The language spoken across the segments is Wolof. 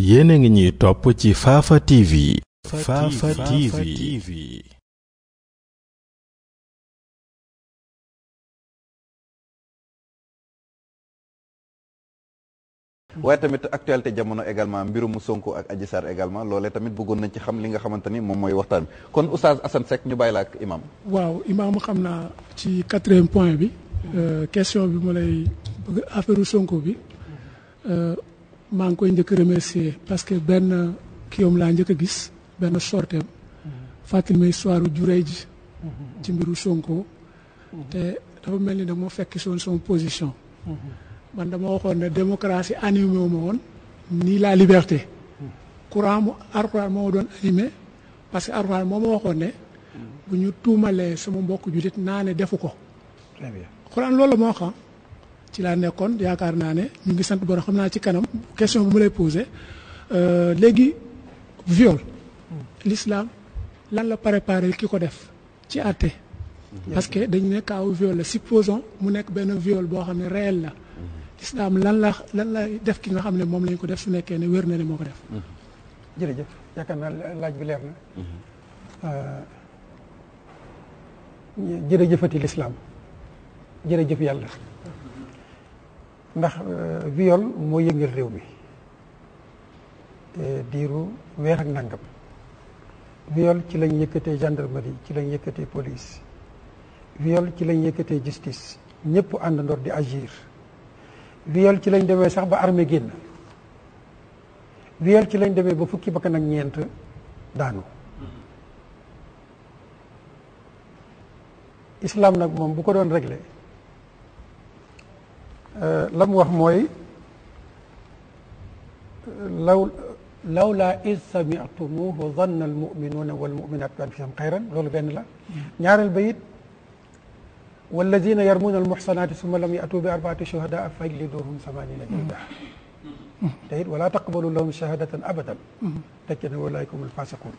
yéen a ngi ñuy topp ci Fafa TV. waaye tamit actualité jamono également mbirum Sonko ak Adji Sarr également loolee tamit bëggoon nañ ci xam li nga xamante ni moom mooy waxtaan bi kon Oustaz Assane ñu bàyyi la ak imam. waaw imam xam naa ci quatrième point bi. Euh, question bi mu lay bëgg affaire Sonko bi. Euh, maa ngi koy njëkk a remercier parce que benn kiyom laa njëkk a gis benn sorteem fàttali ma histoire juree ji ci mbiru Sonko te dafa mel ni dama fekk soon son position man dama waxoon ne démocratie animé wu ma woon nii laa liberté courant mu Alxuraan moo doon animé parce que Alxuraan moo waxoon ne bu ñu tuumalee sama mbokk jullit naa ne defu ko Alxuraan loolu moo xam ci laa nekkoon yaakaar naa ne ñu ngi sant borom xam naa ci kanam question bu mu lay posé euh, léegi viol l'islam lan la préparé ki ko def ci àtte parce que dañu ne kaaw viol la supposons mu nekk benn viol boo xam ne réel la l'islam lan la lan la def ki nga xam ne moom lañ ko def su nekkee ne wér na ne moo ko def jërëjëf yaakaar naa laaj bi leer na mm-hmm. euh, jërëjëfati jërëjëf yàlla ndax euh, viol moo yëngal réew mi diiru weer ak nangam viol ci lañ yëkkatee gendarmerie ci lañ yëkkatee police viol ci lañ yëkkatee justice ñëpp àndandoor di agir viol ci lañ demee sax ba armée génn viol ci lañ demee ba fukki bakkan ak ñeent daanu islam nag moom bu ko doon réglé Euh, la mu wax mooy law lawlaa iz sami'tumuuhu zanna al-mu'minuuna wal-mu'minaatu bi anfusihim xayran loolu benn la ñaareel ba it walladiina yarmuuna al-muhsanaati summa lam ya'tuu bi arba'ati shuhadaa fajliduuhum samaaniina jildah te it walaa taqbalu lahum shahaadatan abadan tekki na walaa'ikum al-faasiquun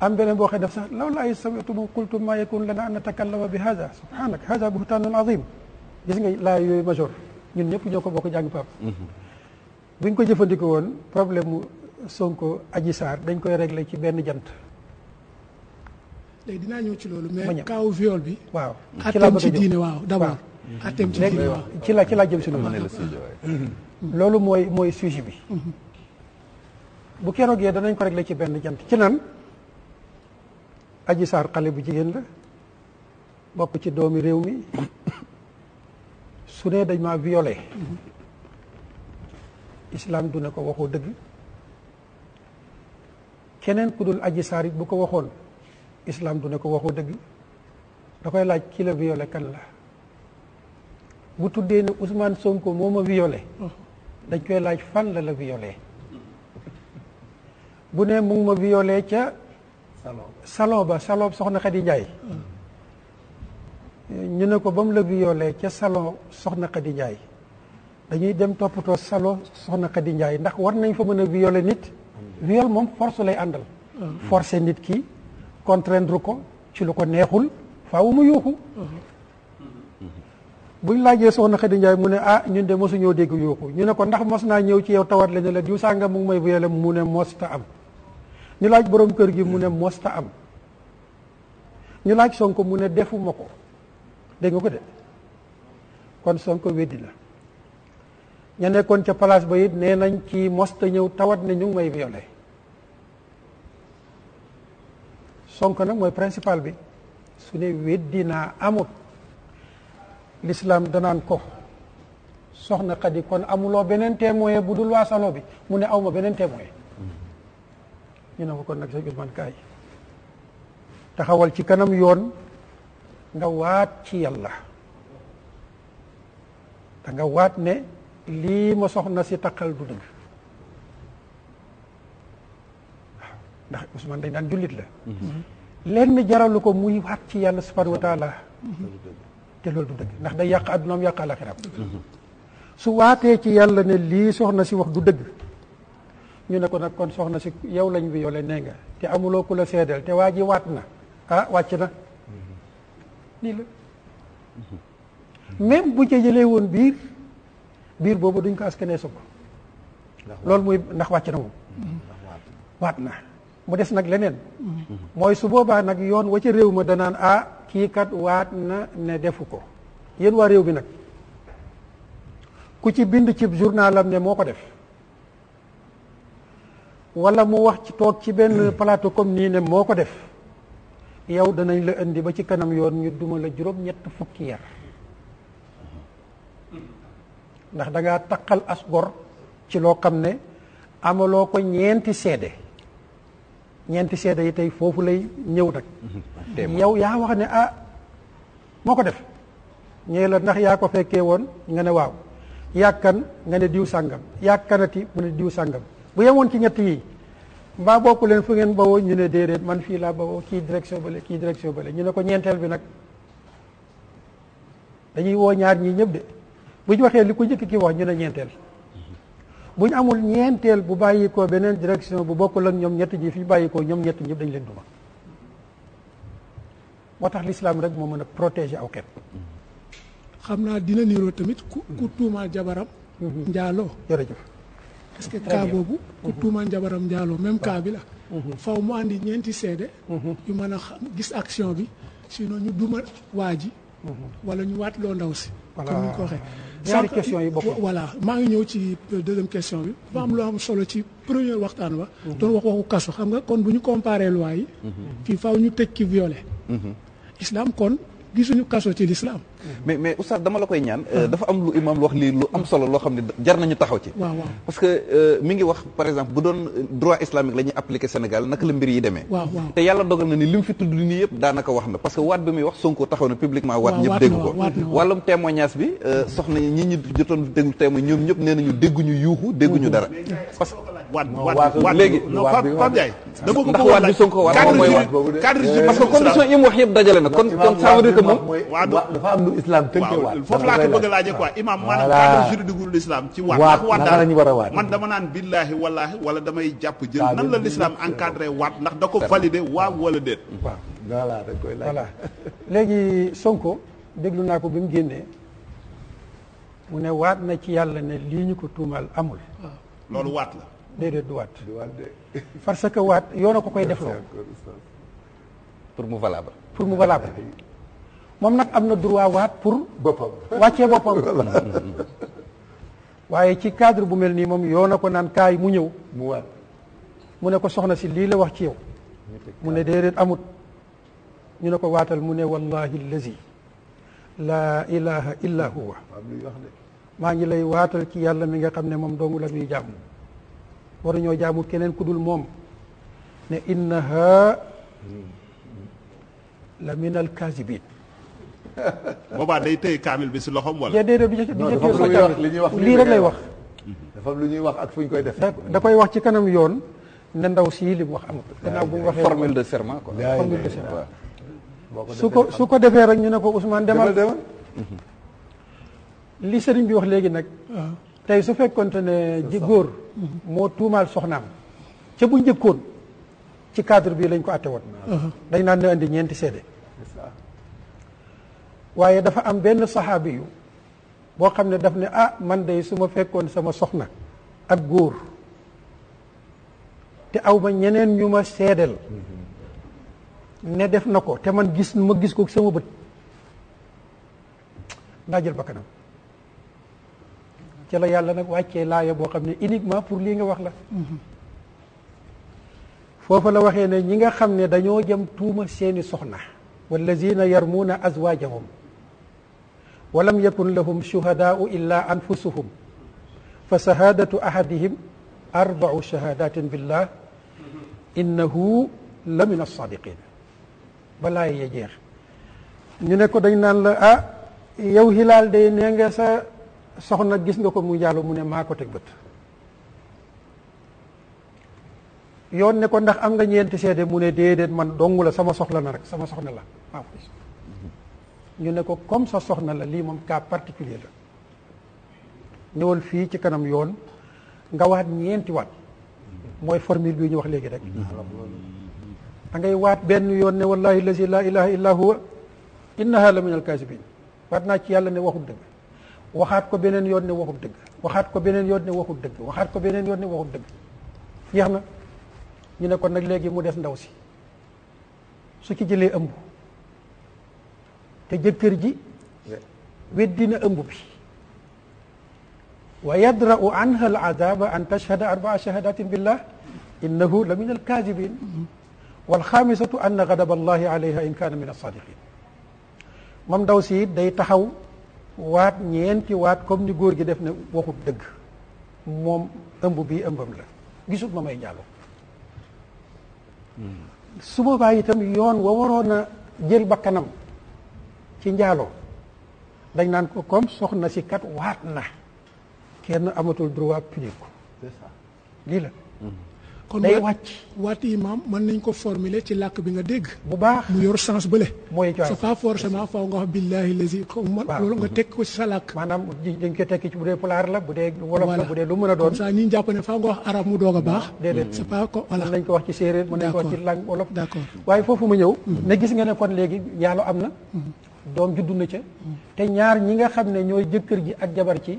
am beneen boo xam ne daf sax lawlaa iz sami'tumuuhu qultum maa yakuunu lanaa an natakallama bi haadaa subhaanaka haadaa buhtaanun aziim gis nga laa yooyu major ñun ñëpp ñoo ko bokk jàng bu buñ ko jëfandikoo woon problème mu Sonko Adji Sarr dañ koy régler ci benn jant léegi dinaa ñëw ci loolu mais kaaw viol bi waaw atteem ci diine waaw d'abord atteem ci diine waaw ci la ci laa jëm si loolu mm-hmm. loolu mooy mooy sujet bi mm-hmm. bu keroogee danañ ko régler ci benn jant ci nan aji Sarr xale bu jigéen la bokk ci doomi réew mi su nee dañ maa violé islam du ne ko waxoo dëgg keneen ku dul aji saar it bu ko waxoon islam du ne ko waxoo dëgg da koy laaj ki la violé kan la bu tuddee ne Ousmane Sonko moo ma violé dañ koy laaj fan la la violé bu ne mu ngi ma violé ca salon ba salon ba soxna Xadi Njaay ñu ne ko ba mu la liggéeyoolee ca salon soxna Khady njaay dañuy dem toppatoo salon soxna Khady njaay ndax war nañ fa mën a violer nit viol moom force lay àndal forcer nit ki contraindre ko ci lu ko neexul wu mu yuuxu buñ laajee soxna Khady Ndiaye mu ne ah ñun de mosu ñëw dégg yuuxu ñu ne ko ndax mos naa ñëw ci yow tawat la la diw sànga mu ngi may violer mu ne mosta am ñu laaj borom kër gi mu ne mosta am ñu laaj Sonko mu ne defuma ko dégg nga ko de kon Sonko weddi la ña nekkoon ca place ba it nee nañ ci mosta ñëw tawat ne ñu ngi may violé Sonko nag mooy principal bi su ne weddi naa amut l'islam danaan ko soxna Xadi kon amuloo beneen témoin bu dul waa salon bi mu ne awma beneen témoin mm-hmm. ñu ne ko kon nag sa Ousmane kaay taxawal ci kanam yoon nga waat ci yàlla te nga waat ne lii ma soxna si taqal du dëgg ndax Ousmane dañ daan jullit la lenn jaralu ko muy ci yàlla subhanahu wa taala te loolu dëgg ndax day yàq addunaam yàq alaxiram su waatee ci yàlla ne lii soxna si wax du dëgg ñu ne ko nag kon soxna si yow lañ bi yow lañ nee nga te amuloo ku la seedeel te waa ji waat na ah wàcc na lii la même bu ca jëlee woon biir biir boobu duñ ko askanee sukk loolu muy ndax wàcc na moom waat na mu des nag leneen mhm. mooy su boobaa nag yoon wa ca réew ma danaan ah kii kat waat na ne defu ko yéen waa réew bi nag ku ci bind cib journalam ne moo ko def wala mu wax ci toog ci benn plateau comme nii ne moo ko def yow danañ la indi ba ci kanam yoon ñu duma la juróom ñett fukki yar ndax dangaa taqal as gor ci loo xam ne amaloo ko ñeenti seede ñeenti seede yi tey foofu lay ñëw nag yow yaa wax ne ah moo ko def ñee la ndax yaa ko fekkee woon nga ne waaw yàkkan nga ne diw sàngam yàkkanati mu ne diw sàngam bu yemoon ci ñett yi mbaa bokku leen fu ngeen bawoo ñu ne déedéet man fii laa bawoo kii direction bale kii direction bale ñu ne ko ñeenteel bi nag dañuy woo ñaar ñii ñëpp de bu ñu waxee li ko njëkk ki wax ñu ne ñeenteel bu ñu amul ñeenteel bu bàyyi ko beneen direction bu bokkul ak ñoom ñett ñi fi bàyyi ko ñoom ñett ñëpp dañ leen duma moo tax lislaam rek moo mën a protéger aw ket xam naa dina niiroo tamit ku ku tuumaal jabaram mm-hmm. njaaloo jërëjëf est-ce que cas boobu ku mhm. tuumaan jabaram njaaloo même cas bi la mhm. faw mu àndi ñeenti seede mhm. yu mën a gis action bi sinon ñu duma waa ji wala ñu waat loo ndaw si comme yi bokk voilà maa ngi ñëw ci euh, deuxième question bi dafa am loo am solo ci première waxtaan wa doon wax waxu kaso xam nga kon bu ñu comparé loi yi fii faw ñu tëj ki violé islam kon gisuñu kaso ci l'islam mais mais oustaz dama la koy ñaan dafa am lu imam wax lii lu am solo loo xam ne jar nañu taxaw ci parce que mi ngi wax par exemple bu doon droit islamique la ñuy Sénégal naka la mbir yi demee te yàlla dogal na ni li mu fi tudd nii yëpp daanaka wax na parce que waat bi muy wax Sonko taxaw na publiquement waat ñëpp dégg ko wàllum témoignage bi soxna ñi ñi jotoon déglu témoin ñoom ñëpp nee nañu dégguñu yuuxu dégguñu dara parce que condition yi lu islam tënkee waat. foofu laa ko bëgg a laajee quoi imam maanaam cadre juridique waat ndax lañu war a waat man dama naan billaahi wallaahi wala damay jàpp jël nan la l'islam encadré waat ndax da ko validé waaw walla déet waaw voilà dañ koy laaj léegi Sonko déglu naa ko bi mu génnee mu ne waat na ci yàlla ne li ñu ko tuumaal amul loolu waat la déedéet du waat parce que waat yoona ko koy defloo pour mu valable pour mu valable moom nag am na droit waat pour boppam wàccee boppam waaye ci cadre bu mel nii moom yoo na ko naan kaay mu ñëw mu waat ne ko soxna si lii la wax ci yow mu ne déedéet amut ñu ne ko waatal mu ne wallahi allazi laa ilaha illa huwa maa ngi lay waatal ci yàlla mi nga xam ne moom doomu la ñuy jaamu waruñoo jaamu keneen ku dul moom ne innaha la min alkaasibin boobaa day téye kaamil bi si loxom wala. déedéet bi ñu bi ñu wax lii rek lay wax. dafa lu ñuy wax ak fu ñu koy def da koy wax ci kanam yoon. ne ndaw si li mu wax amut. gannaaw bu ñu waxee formule de serment quoi. formule de su ko su ko defee rek ñu ne ko Ousmane demal demal. li sëriñ bi wax léegi nag. Ah. tey su fekkoonte ne ji góor. moo tuumaal soxnaam. ca bu njëkkoon ci cadre bi lañ ko àtte woon. Ah. dañ naan ne andi ñeenti seede. waaye dafa am benn saxaabi yu boo xam ne daf ne ah man de su ma fekkoon sama soxna ak góor te aw ma ñeneen ñu ma seedeel ne def na ko te man gis ma gis ko sama bët naa jël bakkanam ci la yàlla nag wàccee laaya boo xam ne uniquement pour lii nga wax la foofa la waxee ne ñi nga xam ne dañoo jëm tuuma seeni soxna walla yar mu wallazina yarmuuna azwaajahum walam yakun lahum shuhadaau illa anfusuhum fa shahadatu ahadihim arbau shahadatin billah innahu la min alsaadiqin balaa yee jeex ñu nekko ko dañ naan la ah yow Hilaal day nee sa soxna gis nga ko mu njaaloo mu ne maa ko teg bët yoon ne ndax am nga ñeenti seede mu ne déedéet man dong la sama soxla na rek sama soxna la ñu ne ko comme sa soxna la lii moom cas particulier la ñëwal fii ci kanam yoon nga waat ñeenti waat mooy formule bi ñu wax léegi rek da ngay waat benn yoon ne wallahi lazi la ilaha illa huwa innaha la min alkaasibin waat naa ci yàlla ne waxut dëgg waxaat ko beneen yoon ne waxut dëgg waxaat ko beneen yoon ne waxut dëgg waxaat ko beneen yoon ne waxut dëgg na ñu ne kon nag léegi mu des ndaw si su ci jëlee ëmb te jëkkër ji weddina ëmb bi wa anha al an tashhada arbaa shahadatin billah innahu la min al wal xaamisatu anna gadaba allahi in kaana min as-saadiqin moom ndaw si it day taxaw waat ñeenti waat comme ni góor gi def na waxut dëgg moom ëmb bi ëmbam la gisut ma may njaaloo hmm. su boobaa itam yoon wa waroon a jël bakkanam ci njaaloo dañ naan ko comme soxna si kat waat na kenn amatul droit punir ko c'est ça lii la mm-hmm. kon day wàcc waat yi maam man nañ ko formuler ci làkk bi nga dégg bu baax mu yor sens bële mooy c'est pas forcément faw nga wax billaahi lazi loolu nga teg ko ci sa làkk maanaam dañ ko tekki ci bu dee pulaar la bu dee wolof la bu dee lu mën a doon comme ça ñi jàpp ne faw nga wax arab mu doog a baax mm-hmm. déedéet c'est pas ko nañ ko wax ci séeréer mën nañ ko wax ci langue wolof d'accord waaye foofu ma ñëw mm-hmm. ne gis nga am na doom juddu na ca te ñaar ñi nga xam ne ñooy jëkkër ji ak jabar ci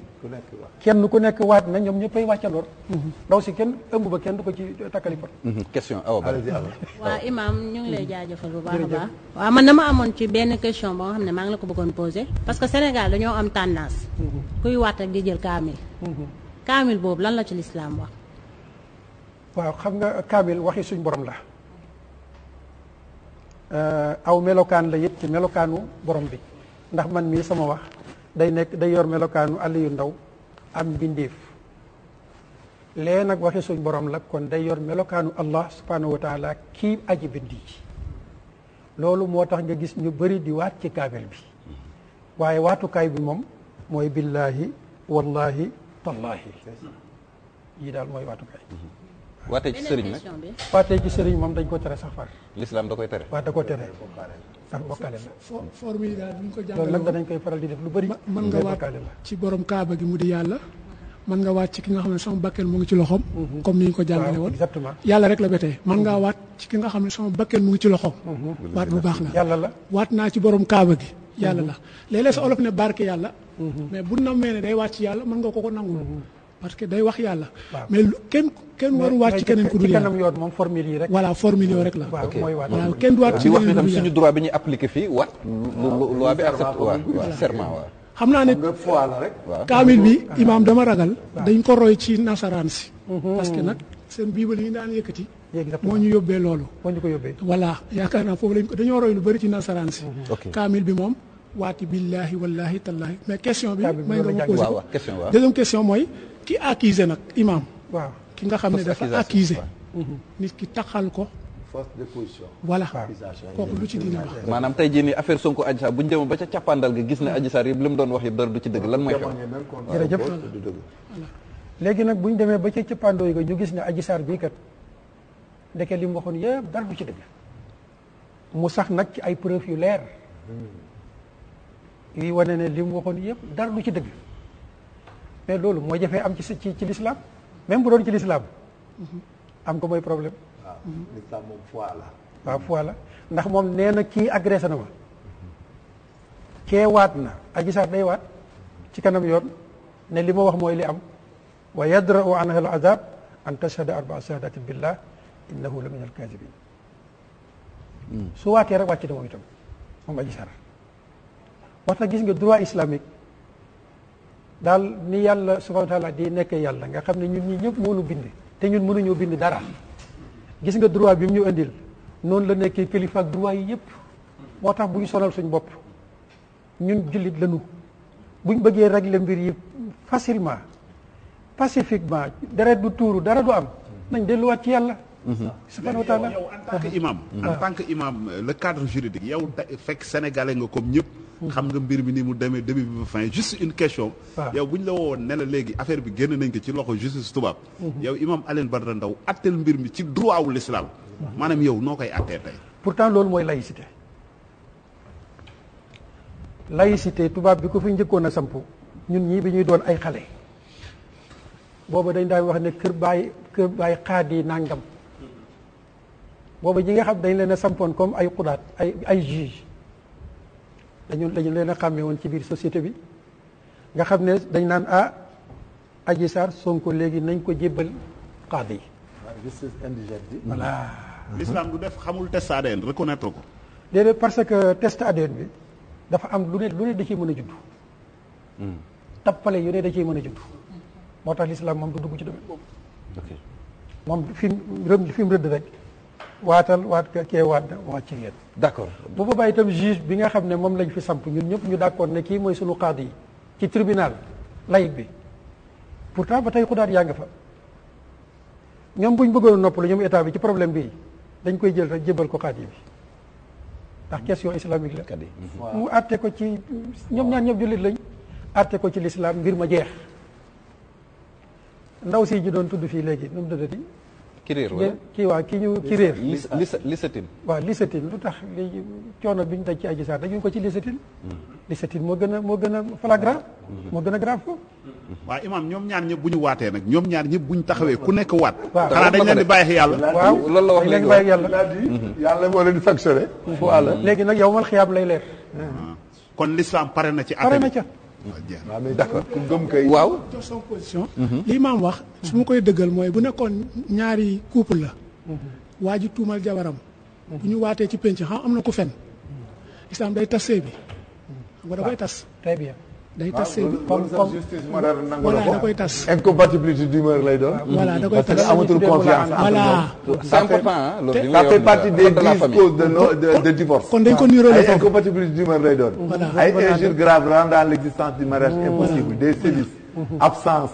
kenn ku nekk waat na ñoom ñëppay wàccandoor ndaw si kenn ëmb ba kenn du ko ci takkali pot mhm. question awa ba waa imam ñu ngi lay mhm. jaajëfal bu baax a baax waaw man dama amoon ci benn question boo xam ne maa ngi la ko bëggoon posé parce que Sénégal dañoo am tendance mhm. kuy waat ak di jël kaamil kaamil boobu lan la ci lislaam wax waaw xam nga kaamil waxi suñ borom la Eh, aw melokaan la yëpp ci melokaanu borom bi ndax man mii sama wax day nekk day yor melokaanu àll yu ndaw am mbindeef lee nag waxe suñ borom la kon day yor melokaanu allah subhanahu wa taala kii aji loolu moo tax nga gis ñu bari di waat ci kaabel bi waaye waatukaay bi moom mooy billaahi wallaahi tallaahi yii daal mooy waatukaay waatee ci sëriñ nag waatee ci sëriñ moom dañ ko tere sax far. l'islam da koy tere. waaw ko tere sax bokkaale la. fo forme yi daal ko jàngalee loolu nag danañ koy faral di def lu bëri. mën nga waat ci borom kaaba gi mu di yàlla. mën nga waat ci ki nga xam ne sama bakkeen mu ngi ci loxoom. Mhm. comme ni ñu ko jàngale woon exactement. yàlla rek la ba tey mën ngaa waat ci ki nga xam ne sama bakkeen mu ngi ci loxoom. Mhm. waat bu baax la yàlla la. waat naa ci borom kaaba gi. yàlla mhm. la léeg-léeg sa olof ne barke yàlla. mais bu nammee ne day waat ci yàlla mën nga ko ko nangul parce que day wax yàlla. mais lu kenn kenn waru waat ci keneen ku dul yàlla moom formule yi rek. voilà formule la. ok kenn du ci keneen ku dul suñu droit bi ñu appliqué fii waat. loi bi accepté waaw serment xam naa ne kaamil bi imaam dama ragal dañ ko roy ci nasaraan si mhm. parce nag seen biibal yi daan yëkkati moo ñu yóbbee loolu voilà yaakaar naa foofu lañ ko dañoo roy lu bëri ci nasaraan si mhm. kaamil bi moom waati billaahi wallaahi tallaahi mais question bi may nga ma posé ki accusé nag imam waaw ki nga xam ne dafa accusé mhm. nit ki taxal ko force de position voilà kooku lu ci diine wax maanaam tey jii nii affaire Sonko Adji Sarr bu ñu demee ba ca càppaandal ga gis ne Adji Sarr yëpp li wax yëpp dara du ci dëgg lan mooy léegi nag bu ñu demee ba ca càppaandoo ga ñu gis ne Adji Sarr bii kat ndeke li mu waxoon yëpp dara ci dëgg sax nag ci ay preuve yu leer hmm. yi wane ne li mu waxoon yëpp dara du ci dëgg mais loolu mooy jafee am ci ci ci lislaam même bu doon ci lislaam mm-hmm. am ko mooy problème. waaw lislaam moom la. ndax moom nee na kii agressé na waat na aji saar waat ci kanam yoon ne li ma wax mooy li am wa yadra'u anha al azab an tashhada arbaa shahadatin billah innahu la min al kaazibin mm. su waatee rek wàcc na moom itam moom aji saar gis nga droit islamique. daal ni yàlla subhanahu wa taala di nekk yàlla nga xam ne ñun ñi ñëpp moonu bind te ñun mënuñoo bind dara gis nga droit bi mu ñu indil noonu la nekkee kilifa ak droit yi yëpp moo tax bu ñu sonal suñ bopp ñun jullit lañu buñ bëggee régler mbir yi facilement pacifiquement deret du tuuru dara du am nañ delluwaat ci yàlla mhm. subhanahu wa taala yow en tant que imam le cadre juridique yow fekk sénégalais nga comme ñëpp xam nga mbir mi nii mu demee début bi ba fin juste une question ah. yow bu ñu la wowoon ne la léegi affaire bi génn nañ ko ci loxo justice tubaab mhm. yow imam Alioune Badara Ndao attel mbir mi ci droit wu l'islam mhm. maanaam yow noo koy attee tey pourtant loolu mooy laïcité laïcité tubaab bi ko fi njëkkoon a samp ñun ñii bi ñuy doon ay xale booba dañ daan wax ne kër baay kër baay xaadi nangam mhm. booba ñi nga xam dañ leen a sampoon comme ay xudaat ay ay juge dañu dañu leen a xàmmee woon ci biir société bi nga xam ne dañ naan ah Adji Sarr Sonko léegi nañ ko jébbal xaadi yi justice indigène bi voilà mmh. l'islam du def xamul test ADN reconnaître ko déedéet parce que test ADN bi dafa am lu ne lu ne da ciy mën a judd mmh. tappale yu ne da ciy mën a judd moo tax l'islam moom du ci domaine boobu moom fi mu rëdd rek waatal waat kee waat wàcc ngeen d'accord bu boobaa tam juge bi nga xam ne moom lañ fi samp ñun ñëpp ñu d'accord ne kii mooy sunu qaadi yi ci tribunal layit bi pour pourtant ba tey daat yaa nga fa ñoom buñ bëggoon noppalu ñoom état bi ci problème bi dañ koy jël rek jébal ko qaadi bi ndax question islamique la mu àtte ko ci ñoom ñaan ñëpp jullit lañ àtte ko ci lislaam mbir ma jeex ndaw si ji doon tudd fii léegi nu mu dëddati ki réer wala kii waa ki ñu ki réer lisatin waaw lisatin lu tax li coono bi ñu daj ci Adji Sarr ko ci lisatin mm. lisatin moo gën a moo gën a flagrant mm-hmm. moo gën a grave ko mm-hmm. waaw imaam ñoom ñaar ñëpp bu ñu waatee nag ñoom ñaar ñëpp bu ñu taxawee ku nekk waat xanaa dañ leen di bàyyi yàlla waaw loolu la wax leen di yàlla yàlla moo leen di factionné fu àll léegi nag yow mal xiyaam lay leer ah. kon l'islam pare na ci pare na ca Ah, d'accord waaw. lii maam wax. su ma koy dëggal mooy bu nekkoon ñaari couple la. waa ji tuumal jabaram. bu ñu waatee ci penc xam ah, am na ku fen. islam day tas sëy bi. xam nga da koy ah, tas. day tas sëy bi comme da koy tas. incompatibilité d'humeur lay doon. voilà da koy tas parce que amatul confiance. voilà c'est important loolu de no de de divorce. kon dañ ko niróole foofu ah, ay incompatibilité d'humeur lay doon. voilà ay injures graves rendant l'existence du mariage impossible des sévices absence.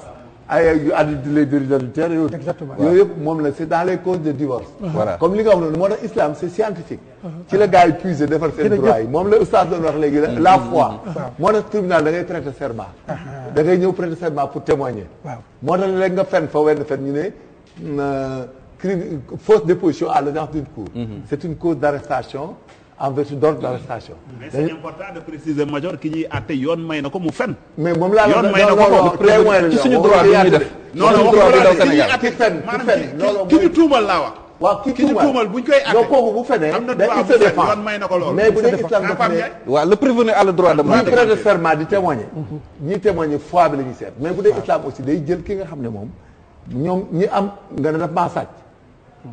ay yu adulte les dérives adultères yooyu exactement yooyu yëpp moom la c' est dans les causes de divorce uh-huh. voilà comme li nga xam ne moo tax islam c' est uh-huh. ci la gars yi puiser defar seen droit moom la oustaz doon wax mm-hmm. la foi uh-huh. moo tax tribunal da ngay prêter serment da ngay ñëw pour témoigner waaw moo tax nga fen fa wenn fen ñu euh, fausse déposition à l'audience d'une cour mm-hmm. c'est une cause d' en vertu d'ordre ki ñuy àtte yoon may na ko mu fen. mais moom laa yoon may na ko ci fen ki ñu tuumal laa wax. ki ñu tuumal buñ koy àtte kooku bu am na droit bu fen yoon may na ko loolu. mais bu dee islam daf ne waaw le prévenu a le droit de. muy prêter serment di témoigner. ñiy témoigner fois bi la ñuy seet. bu dee islam aussi day jël ki nga xam ne moom ñoom am nga ne daf maa sàcc.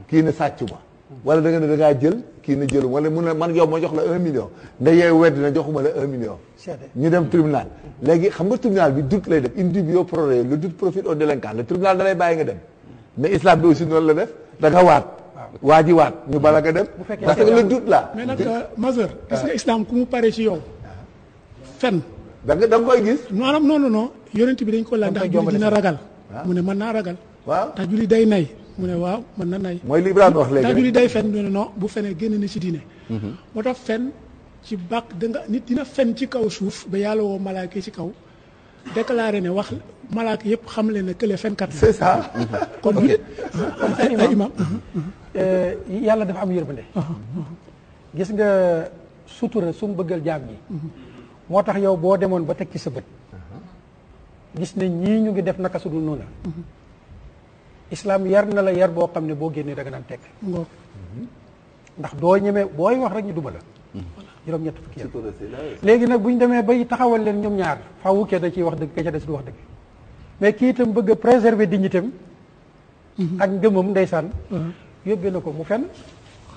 kii ne sàcc ma. wala da nga ne da ngaa jël kii na jël wala mu ne man yow ma jox la un million nda yee wedd na joxuma la un million ñu dem tribunal léegi xam nga tribunal bi doute lay def in dubio pro reo le doute profite au délinquant le tribunal da lay bàyyi nga waat waa ji waat ñu bala nga dem parce que le doute là mais nag euh, majeur gis nga ah. islam ku mu pare ci yow fen da nga da nga koy gis maanaam non non non yonent bi dañ ko laaj ndax julli dina ragal ah. mu ne mën naa ragal ndax julli day nay mu ne waaw mën na nay. mooy li Ibrahima wax léegi day fen ñu ne non bu fenee génn na si diine. Mhm. moo tax fen ci bàkk danga nit dina fen ci kaw suuf ba yàlla woo malaaka ci kaw déclaré ne wax malaaka yëpp xam leen ne kële fenkat la. kon kon ah, eh, yàlla dafa am yërmande. Uh-huh. gis nga sutura su bëggal jaam ñi. Uh-huh. moo tax yow boo demoon ba teg ci sa bët. Uh-huh. gis ne ñii ñu ngi def naka su noonu. islaam yar na la yar boo xam ne boo génnee da nga naan tekk ndax doo ñemee booy wax rek ñu duma la juróom ñett fukki yar léegi nag bu ñu demee bay taxawal leen ñoom ñaar faaw kee da ciy wax dëgg ka ca des du wax dëgg mais kii itam bëgg a préserver dignité am mhm. ak ngëmam ndeysaan mhm. yóbbee ko mu fenn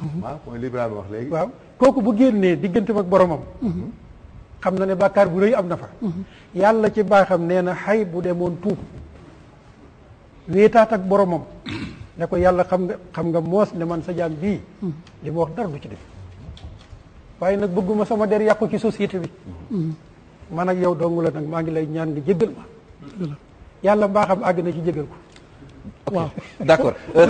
mhm. waaw mooy li Ibrahima wax léegi waaw kooku bu génnee digganteem ak boromam xam na ne bàkkaar bu rëy am na fa yàlla ci baaxam nee na xay bu demoon tuub wéetaat ak boromam ne ko yàlla xam nga xam nga moos ne man sa jaam bii di ma wax dara du ci def waaye nag bëgguma sama der yàqu ci société bi man ak yow dong la nag maa ngi lay ñaan nga jéggal ma yàlla mbaaxam àgg na ci jéggal ko waaw d'accord euh,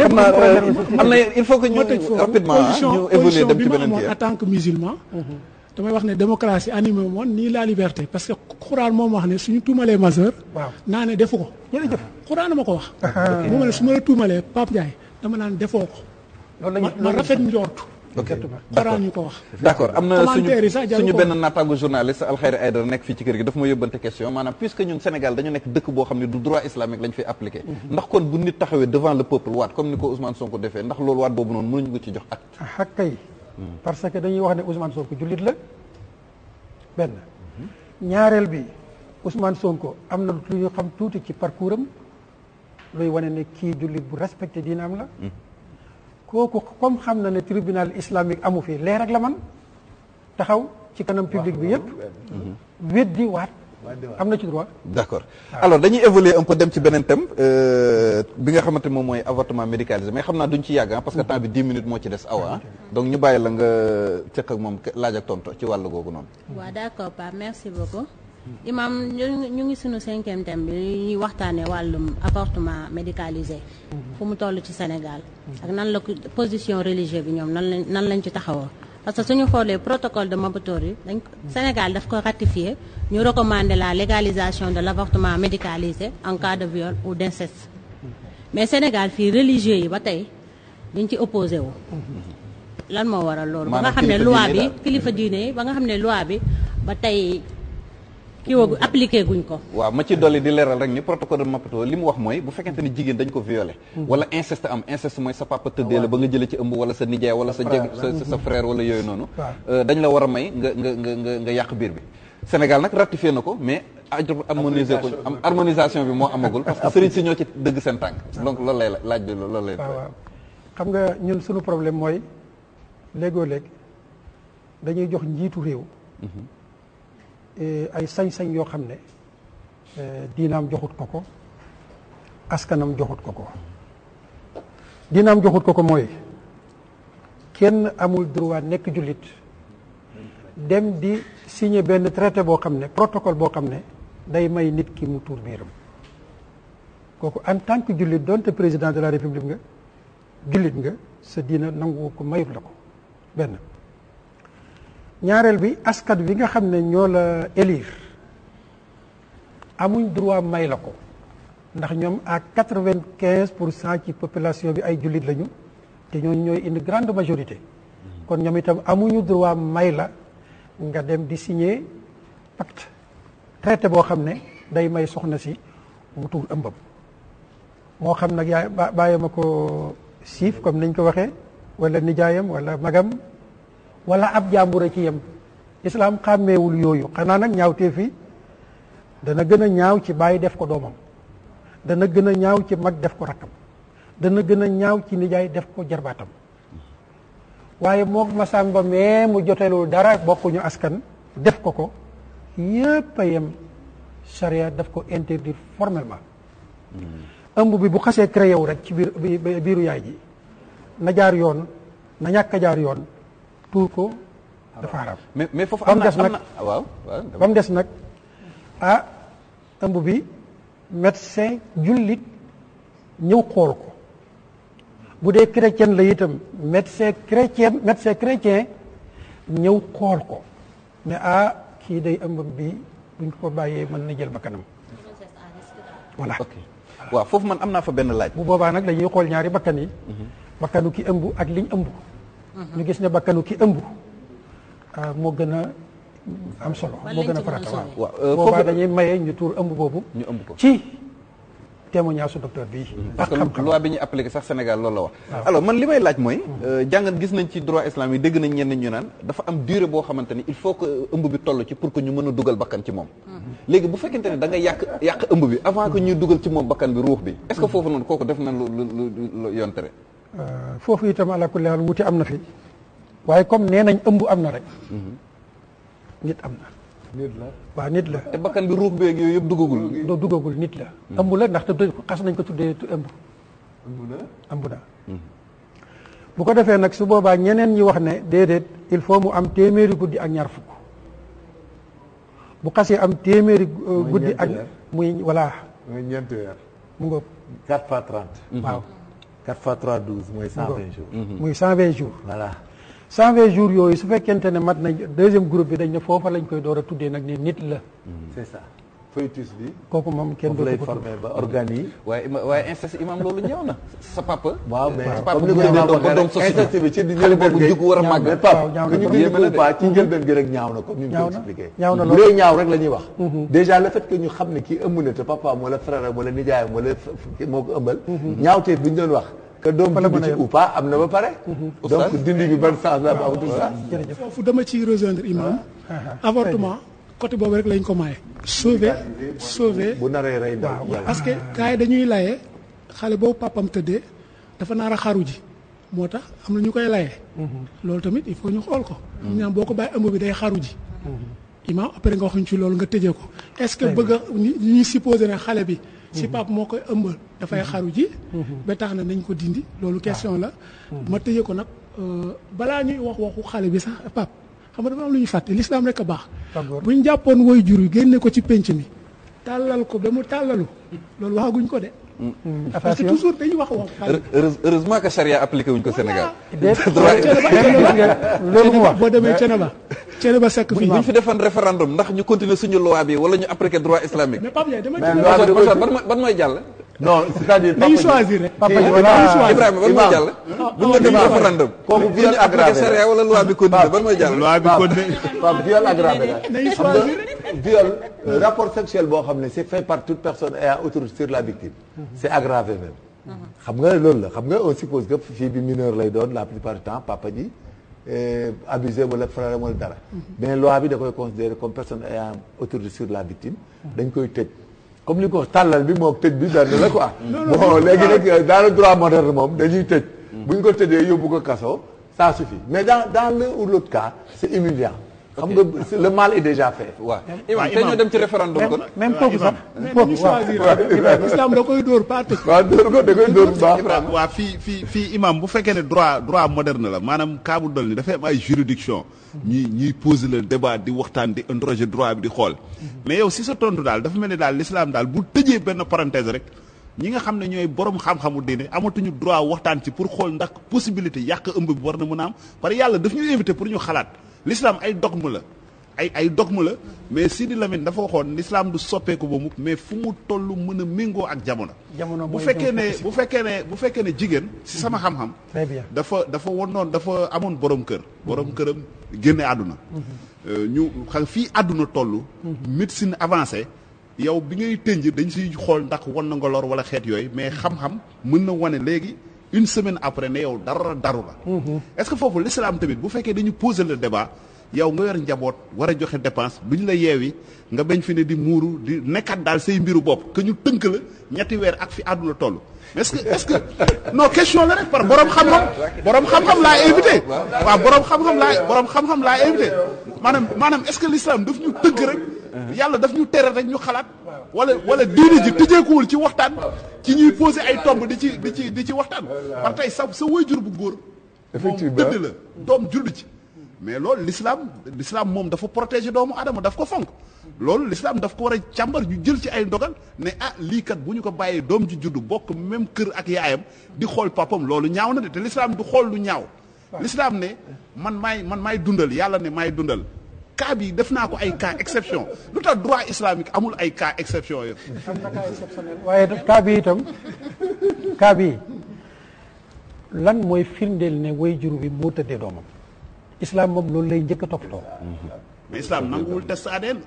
am na il faut que ñu rapidement ñu évoluer dem ci beneen en tant musulman mhm. damay wax ne démocratie animé moon nii la liberté parce que xuraan moom wax ne suñu tuumalee majeur naa ne defu ko ma wax ah, ah. moom ne su ma la tuumalee Pape Ndiaye dama naan defoo ko ma rafet njort ok xuraan ko wax d' accord am na suñu benn naataango journaliste Alxayri Aydara nekk fii ci kër gi dafa ma yóbbante question maanaam puisque ñun Sénégal dañu nekk dëkk boo xam ne du droit islamique lañ fiy appliqué mhm. ndax kon bu nit taxawee devant le peuple waat comme ni ko Ousmane Sonko defee ndax loolu waat boobu noonu parce que dañuy wax ne Ousmane Sonko jullit la benn ñaareel bi Ousmane Sonko am na lu ñu xam tuuti ci parcours am luy wane ne kii jullit bu respecté diinaam la hmm. kooku comme xam na ne tribunal islamique amu fii leer ak la man taxaw ci kanam public bi yëpp hmm. weddi waat am na ci droit d'accord alors dañuy évoluer un peu dem ci beneen thème euh, bi nga xamante moom mooy avortement médicalisé mais xam naa duñ ci yàgg ah, parce que temps bi dix minutes moo ci des awa ah. donc ñu bàyyi la nga cëq ak moom laaj ak tonto ci wàll googu noonu waaw d'accord Pape merci beaucoup imam ñu ngi suñu cinquième thème bi ñuy waxtaanee wàllum avortement médicalisé fu mu toll ci Sénégal ak nan la position religieux bi ñoom nan lañ ci taxaw parce que suñu xoolee protocole de Maputori dañ Sénégal daf ko ratifié ñu recommander la légalisation de l' avortement médicalisé en cas de viol ou d' inceste mais Sénégal fii religieux yi ba tey dañ ci opposé wu lan moo waral loolu ba nga xam ne loi bi kilifa diine yi ba nga xam ne loi bi ba tey kii woo appliqué guñ ko waaw ma ci dolli di leeral rek ni protocole de Maputo li mu wax mooy bu fekkente ni jigéen dañ ko violé mm-hmm. wala inceste am inceste mooy sa papa tëddee la ba nga jëlee ci ëmb wala sa nijaay wala sa jeg sa sa frère wala yooyu noonu euh, dañ la war a may nga nga nga nga nga yàq biir bi Sénégal nag ratifié na ko mais harmoniser ko am harmonisation bi moo amagul parce que sëriñ si ñoo ci dëgg seen tànk donc loolu lay laaj bi loolu lay xam nga ñun suñu problème mooy léegoo léeg dañuy jox njiitu réew mm-hmm. Eh, ay sañ-sañ yoo xam ne eh, diinaam joxut ko ko askanam joxut ko ko diinaam joxut ko ko mooy kenn amul droit nekk jullit dem di signer benn traité boo xam ne protocole boo xam ne day may nit ki mu tuur biiram kooku en tant que jullit doonte président de la république nga jullit nga sa diina nangu ko mayut la ko benn ñaareel bi askan bi nga xam ne ñoo la élire amuñ droit may la ko ndax ñoom à quatre-vingt-quinze pour cent ci population bi ay jullit lañu te ñoo ñooy une grande majorité kon ñoom itam amuñu droit may la nga dem di signer pacte traité boo xam ne day may soxna si wutul ëmbam moo xam nag yaay bàyyi ma ko siif comme niñ ko waxee wala nijaayam wala magam wala ab jàmbur a ci yem islaam xàmmeewul yooyu xanaa nag ñaawteef fi dana gën a ñaaw ci bàyyi def ko doomam dana gën a ñaaw ci mag def ko rakkam dana gën a ñaaw ci nijaay def ko jarbaatam waaye mook masamba mee mu jotelul dara bokkuñu askan def ko ko yépp a yem charia daf ko interdire formellement ëmb bi bu xasee créé wu rek ci biir biiru yaay ji na jaar yoon na ñàkka jaar yoon tuur ko dafa xaram mais mais foofu am na am na waaw ba des nag a ah, ëmb bi médecin jullit ñëw xool ko bu dee chrétien la itam médecin chrétien médecin chrétien ñëw xool ko ne a ah, kii day ëmb bi buñ ko bàyyee mën na jël ba kanam voilà waaw foofu man am naa fa benn laaj bu boobaa nag dañuy xool ñaari bakkan yi mhm. bakkanu ki ëmb ak liñ ëmb Mhm. ñu gis ne bakkanu ki ëmb ah, moo gën a am solo moo gën a farata waaw euh, boobaa dañuy maye ñu tuur ëmb boobu ñu ëmb ko ci témoignage su docteur bi mhm. parce que loi bi ñu appliqué sax Sénégal loolu la wax alors man li may laaj mooy mhm. euh, jàngat gis nañ ci droit islam yi dégg nañ ñenn ñu naan dafa am durée boo xamante ni il faut que ëmb bi toll ci pour que ñu mën a dugal bakkan ci moom léegi bu fekkente ne da nga yàq yàq ëmb bi avant que ñuy dugal ci moom bakkan bi ruux bi est-ce foofu noonu kooku def na lu lu lu yoon tere Euh, foofu itam ala kulli haal wuti am na fi waaye comme nee nañ ëmb am na rek mhm. nit am na nit waaw nit la te bakkan bi ruux beeg yooyu yëpp duggagul doo duggagul nit la mhm. ëmb la ndaxte xas nañ ko tuddee ëmb ëmb ëmb na mhm. bu ko defee nag su boobaa ñeneen ñi wax ne déedéet il faut mu am téeméeri guddi ak ñaar fukk bu xasee am téeméeri guddi ak muy voilà mu ngoog waaw 4 fois 3 12 mooy 120 jours. Mhm. muy 120 jours. voilà 120 jours yooyu su fekkente ne mat nañ deuxième group bi dañ ne foofa lañ koy door a tuddee nag ne nit la. Mhm. c'est ça. fœtus bi. kooku moom kenn du lay formé ba organes yi. waaye waaye inceste imam loolu ñëw na sa papa. waaw mais sa papa inceste bi ci xale boobu jug war a màgg. mais papa ku ñu gën a ci njëlbeen gi rek ñaaw na comme ni mu ko expliqué. ñaaw na loolu ñaaw rek la ñuy wax. Mm-hmm. déjà le fait que ñu xam ne kii ëmb na te papa wala frère wala nijaayam wala moo ko ëmbal. Mm-hmm. ñaawteef bi ñu doon wax. que doom dund ci ou pas am na ba pare. Mm-hmm. donc dindi bi ban sens la ba amatul sens. foofu dama ciy rejoindre imam ah. avortement côté boobu rek lañ ko maye. sauver sauver bu naree rey ndaw parce que gars yi dañuy laye xale boobu papam tëddee dafa naar a xaru ji moo tax am na ñu koy laye. Mhm. loolu tamit il faut ñu xool ko. Mhm. ñu boo ko bàyyi ëmb bi day xaru ji. Mhm. imam après nga waxuñ ci loolu nga tëjee ko. est-ce que bëgg a ñuy supposé ne xale bi. si pap moo koy ëmbal dafay xaru ji. ba tax na nañ ko dindi. loolu ah. question la. ma tëjee ko nag euh, balaa ñuy wax waxu xale bi sax pap xam nga dafa am lu ñu fàtte lislaam rek a baax. bu ñu jàppoon woy jur yi génne ko ci penc mi. tàllal ko ba mu tàllalu loolu waxaguñ ko de. Mm. parce que toujours dañuy wax wax. heureusement que charia appliqué wuñ ko Sénégal. loolu mu wax boo demee Ceneba. Ceneba sekk fii bu ñu fi defoon référendum ndax ñu continuer suñu loi bi wala ñu appliqué droit islamique. mais Pape Ndiaye dama ban mooy jàll. non c'est-à-dire papa ji choisir rek. papa ji voilà Ibrahima ban mooy jàll. bu ñu defee référendum. kooku viol aggravé la wala loi bi code ban mooy jàll. loi bi code waaw viol aggravé la. xam nga viol rapport sexuel boo xam ne c'est fait par toute personne ayant autorité sur la victime. c'est aggravé même. xam nga loolu la xam nga on suppose que fii bi mineur lay doon la plupart du temps papa ji. Euh, abusé wala frère wala dara. Mhm. mais loi bi da koy considérer comme personne ayant autorité sur la victime. Mhm. dañ koy tëj. comme ni ko tàllal bi moom tëj bi benn la quoi. bon léegi nag euh, dans le droit moderne moom dañuy tëj. Mm. bu ñu ko tëjee yóbbu ko kaso ça suffit mais dans dans l'un ou l'autre xam nga le mal est déjà fait. waaw imam tey ñoo dem ci référendum kon. même kooku koy dóor parti. waaw dóor ko da fii fii fii imam bu fekkee ne droit droit moderne la maanaam kaabu dol ni dafa am ay juridiction. ñuy ñuy pose le débat di waxtaan di interroger droit bi di xool. mais yow si sa tontu daal dafa mel ni daal lislaam daal bu tëjee benn parenthèse rek. ñi nga xam ne ñooy borom xam-xamu diine amatuñu droit waxtaan ci pour xool ndax possibilité yàq ëmb bi war na mën a am parce yàlla daf ñu invité pour ñu xalaat. l'islam ay dogme la ay ay dogme la mais Sidi Lamine dafa waxoon lislaam du soppeeku ba mukk mais fu mu toll mën a méngoo ak jamono bu fekkee ne bu fekkee ne bu fekkee ne jigéen si sama mhm. xam-xam dafa dafa wonoon dafa amoon borom kër borom mhm. këram génne àdduna mhm. euh, ñu xam fii àdduna toll médecine avancer yow bi ngay tënj dañ siy xool ndax wan na nga lor wala xeet yooyu mais xam-xam mën na wane léegi une semaine après na yow dara daru la mhm. est-ce que foofu l'islam tamit bu fekkee dañu poser le débat yow nga yor njaboot war a joxe dépense bu ñu la yeewi nga bañ fi ne di muuru di nekkat daal say mbiru bopp que ñu tënk la ñetti weer ak fi àdduna toll mais ce que est-ce que non question la rek par borom xam-xam borom xam-xam laa invité waaw borom xam-xam laa borom xam laa maanaam maanaam est-ce que l'islam daf ñu tëgg rek yàlla daf ñu tere rek ñu xalaat wala wala diine ji tëjeekuwul ci waxtaan ci ñuy poser ay tomb di ci di ci di ci waxtaan par tey sa sa waajur bu góor moom dëdd la doom judd ci mais loolu l'islam l'islam moom dafa protéger doomu aadama daf ko fonk loolu l'islam daf ko war a càmbar ñu jël ci ay ndogal ne ah liikat bu ñu ko bàyyee doom ji juddu bokk même kër ak yaayam di xool papam loolu ñaaw na de te l'islam du xool lu ñaaw l'islam ne man maay man maay dundal yàlla ne maay dundal cas bi def naa ko ay kaa exception lu tax droit islamique amul ay kaa exception yo am na cas exceptionnel waaye bi itam cas bi lan mooy firndeel ne way jur bi moo tëddee doomam islam moom loolu lay njëkk a toppatoo. mais test ADN.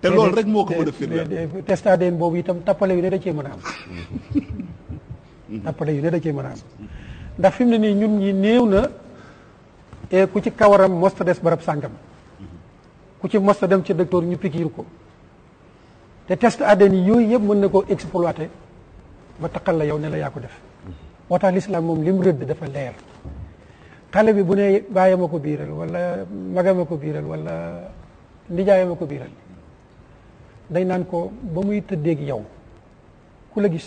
te loolu rek moo ko mën boobu itam tappale yu ne da cee mën a am. tappale yu da cee mën a ndax fi mu ne nii ñun ñi néew na eh, ku ci kawaram mosta des barab sàngam ku ci mosta dem ci docteur ñu pikiir ko te test ADN yi yooyu yëpp mën na koo exploité ba taqal la yow ne la yaa ko def moo tax lislaam moom lim rëdd dafa leer xale bi bu ne bàyyam a ko biiral wala magam a ko biiral walla ndijaayam a ko biiral dañ naan ko ba muy tëddeeg yow ku la gis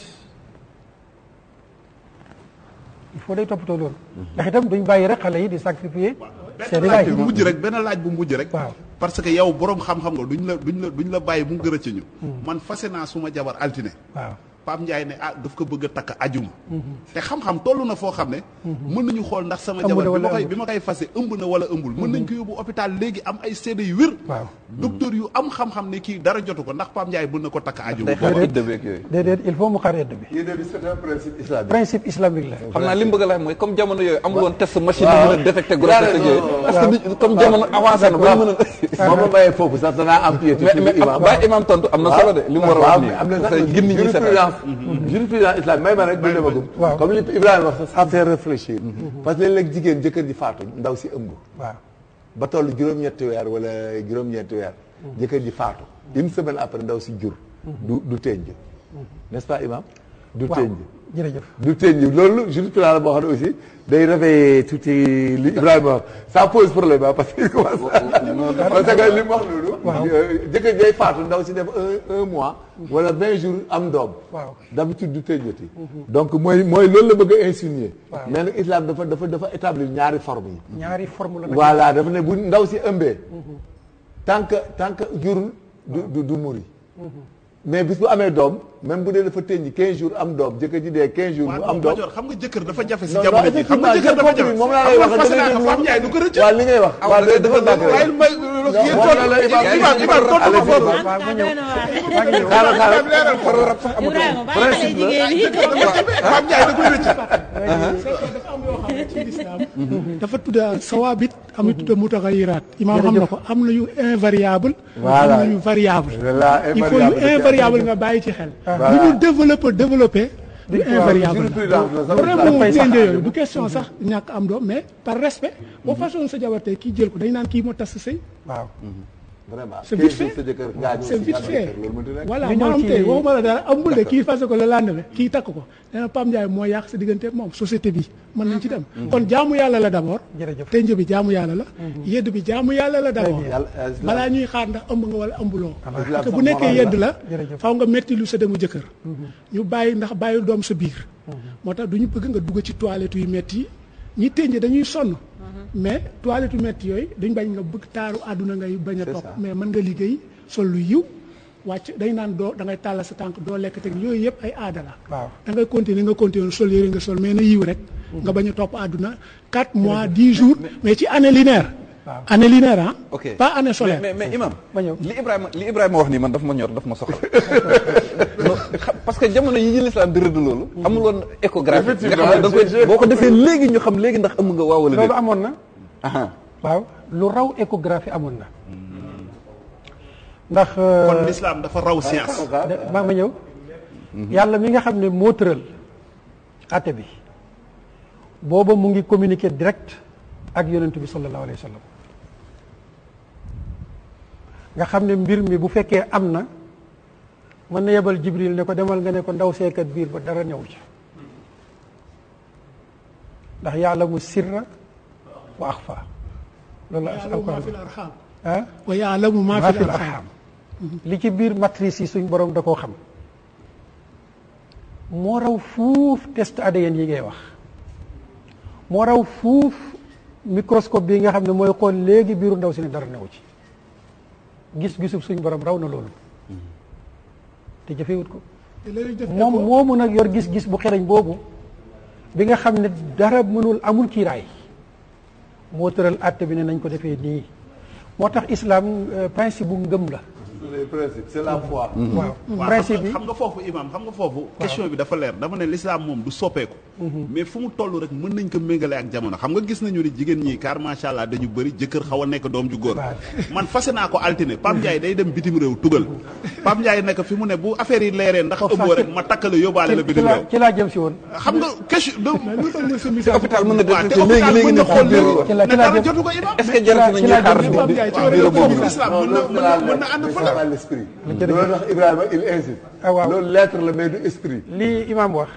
il faut day toppatoo loolu mhm. ndax duñ bàyyi rek xale yi di sacrifier seeni laaj bu mujj rek benn laaj bu mujj rek waaw parce que yow borom xam-xam nga duñ la duñ la duñ la bàyyi mu gërë ci ñu hmm. man fase naa suma jabar altine waaw Pape Ndiaye ne ah daf ko bëgg a takk ajuma te xam-xam xam ne mën nañu xool ndax sama jabar bi ma koy bi ma koy fase ëmb na ay seede yu xam-xam ne kii dara jotu ko ndax Pape Ndiaye mën na ko takk ajuma déedéet il faut mu xaar yedd principe islamique la xam naa li mu bëgg a mooy comme jamono yooyu amul test machine yi mën a détecté gros yooyu comme jamono avancé na ba imam tontu am na solo de li mu war a nii science. jeune président islam may ma rek bu demagum. waaw comme li Ibrahima wax ça fait réfléchir. parce que léeg-léeg jigéen jëkkër ji faatu ndaw si ëmb. waaw ba toll juróom-ñetti weer wala juróom-ñetti weer. jëkkër ji faatu une semaine après ndaw si jur. du du tënj. n'est-ce pas imam du tënj. jërëjëf du tee ñëw loolu jurisprudence la boo xam aussi day réveiller tuuti li Ibrahima wax ça pose problème ah parce que. parce que li mu wax loolu. waaw euh, jëkkër day faatu ndaw si def un un mois. Mhm. wala vingt jours am doom. waaw d'habitude du tee ñetti. Mhm. donc mooy mooy loolu la bëgg a islam dafa dafa dafa établir ñaari forme yi. ñaari forme la nag voilà dafa ne bu ndaw si ëmbee. Mhm. tant que tant que jurul du du du mais bis bu amee doom. même bu dee dafa tënj 15 jours am doom jëkkër dee 15 jours. am doom xam jëkkër dafa jafe si jamono xam nga jëkkër dafa jafe moom da ngay déglu waaw li ngay wax. waaw day defal bàq rek waaye may dafa am yoo xam ne ci lislaam dafa tudda sawaabit am na tudda xam na ko am na yu invariable. voilà am na variable. il faut yu invariable nga bàyyi ci xel voilà lu ñu développé développé. du invariable problème moom gaynde yooyu du question sax ñàkk am doom mais par respect. boo façon sa jabar tey kii jël ko dañ naan kii moo tas sa sëy vraiment c'est vite fait c'est vite fait voilà moo am tey waxuma la dara amul de kii fase ko le lendemain kii takk ko nee na Pape Ndiaye moo yàq sa diggante moom société bi mën nañ ci dem mm-hmm. kon jaamu yàlla la d'abord tenj bi jaamu yàlla la mm-hmm. yedd bi jaamu yàlla la d'abord euh, balaa ñuy xaar ndax ëmb nga wala ëmbuloo ah, parce que bu nekkee yedd la faw nga metti lu sa demu jëkkër mm-hmm. ñu bàyyi ndax bàyyi doom sa biir moo tax du ñu bëgg nga dugg ci toilette yu metti ñi tenj dañuy sonn mais toilette métti yooyu dañ bañ nga bëgg taaru àdduna ngay bañ a topp mais mën nga liggéey sol lu yiw wàcc dañ naan doo da ngay tàllal sa tànk doo lekk teg yooyu yëpp ay aada la waaw da ngay continuer nga continuer sol yëre nga sol mais na yiw rek nga bañ a topp àdduna 4 mois 10 jour mais ci année linéaire année linéaire ah. ok pas année solaire mais mais imam li Ibrahima li Ibrahima wax nii man daf ma ñor daf ma soxla. parce que jamono yi ñu lislaam di rëdd loolu. amul woon échographie. da boo ko defee léegi ñu xam léegi ndax amu nga waaw wala déet. loolu amoon na. Ah, ah. waaw lu raw échographie amoon na. ndax. Euh, kon lislaam dafa raw science. Ah, maa ma ñëw. yàlla mi nga xam ne moo tëral. àtte bi. booba mu ngi communiquer direct ak yonent bi sallallahu alayhi wa nga xam ne mbir mi bu fekkee am na mën na yebal jibril ne ko demal nga ne ko ndaw seekat biir ba dara ñëw ci ndax yaalamu sirra wa axfa loolu la alquran ah wa yaalamu maa fi li ci biir matrice yi suñ borom da koo xam moo raw fuuf test ADN yi ngay wax moo raw fuuf microscope bi nga xam ne mooy xool léegi biiru ndaw si ne dara newu ci gis-gisub suñ borom raw na loolu mm-hmm. te jafewut ko moo mën a yor gis-gis bu xereñ boobu bi nga xam ne dara mënul amul kiiraay moo tëral àtte bi nañ ko defee nii moo tax islam euh, principe bu ngëm la principe c'est la foi. waaw principe yi xam nga foofu imam xam nga foofu. question bi dafa leer dama ne l'islam moom du soppeeku. mais fu mu toll rek mën nañ ko méngale ak jamono xam nga gis nañu ni jigéen ñi car macha allah dañu bëri jëkkër xaw a nekk doom ju góor. man fase naa ko altine Pape Ndiaye day dem bitim réew tugal. Pape Ndiaye nekk fi mu ne bu affaire yi leeree ndax ëmboo ma takk yóbbaale la bitim réew. xam nga question donc. hôpital mën na def léegi léegi ne xool ne dara jotu ko imam. est pas l' esprit. Mm-hmm. loolu tax Ibrahima il insiste. ah waaw loolu lettre la mais du esprit. lii imaam wax.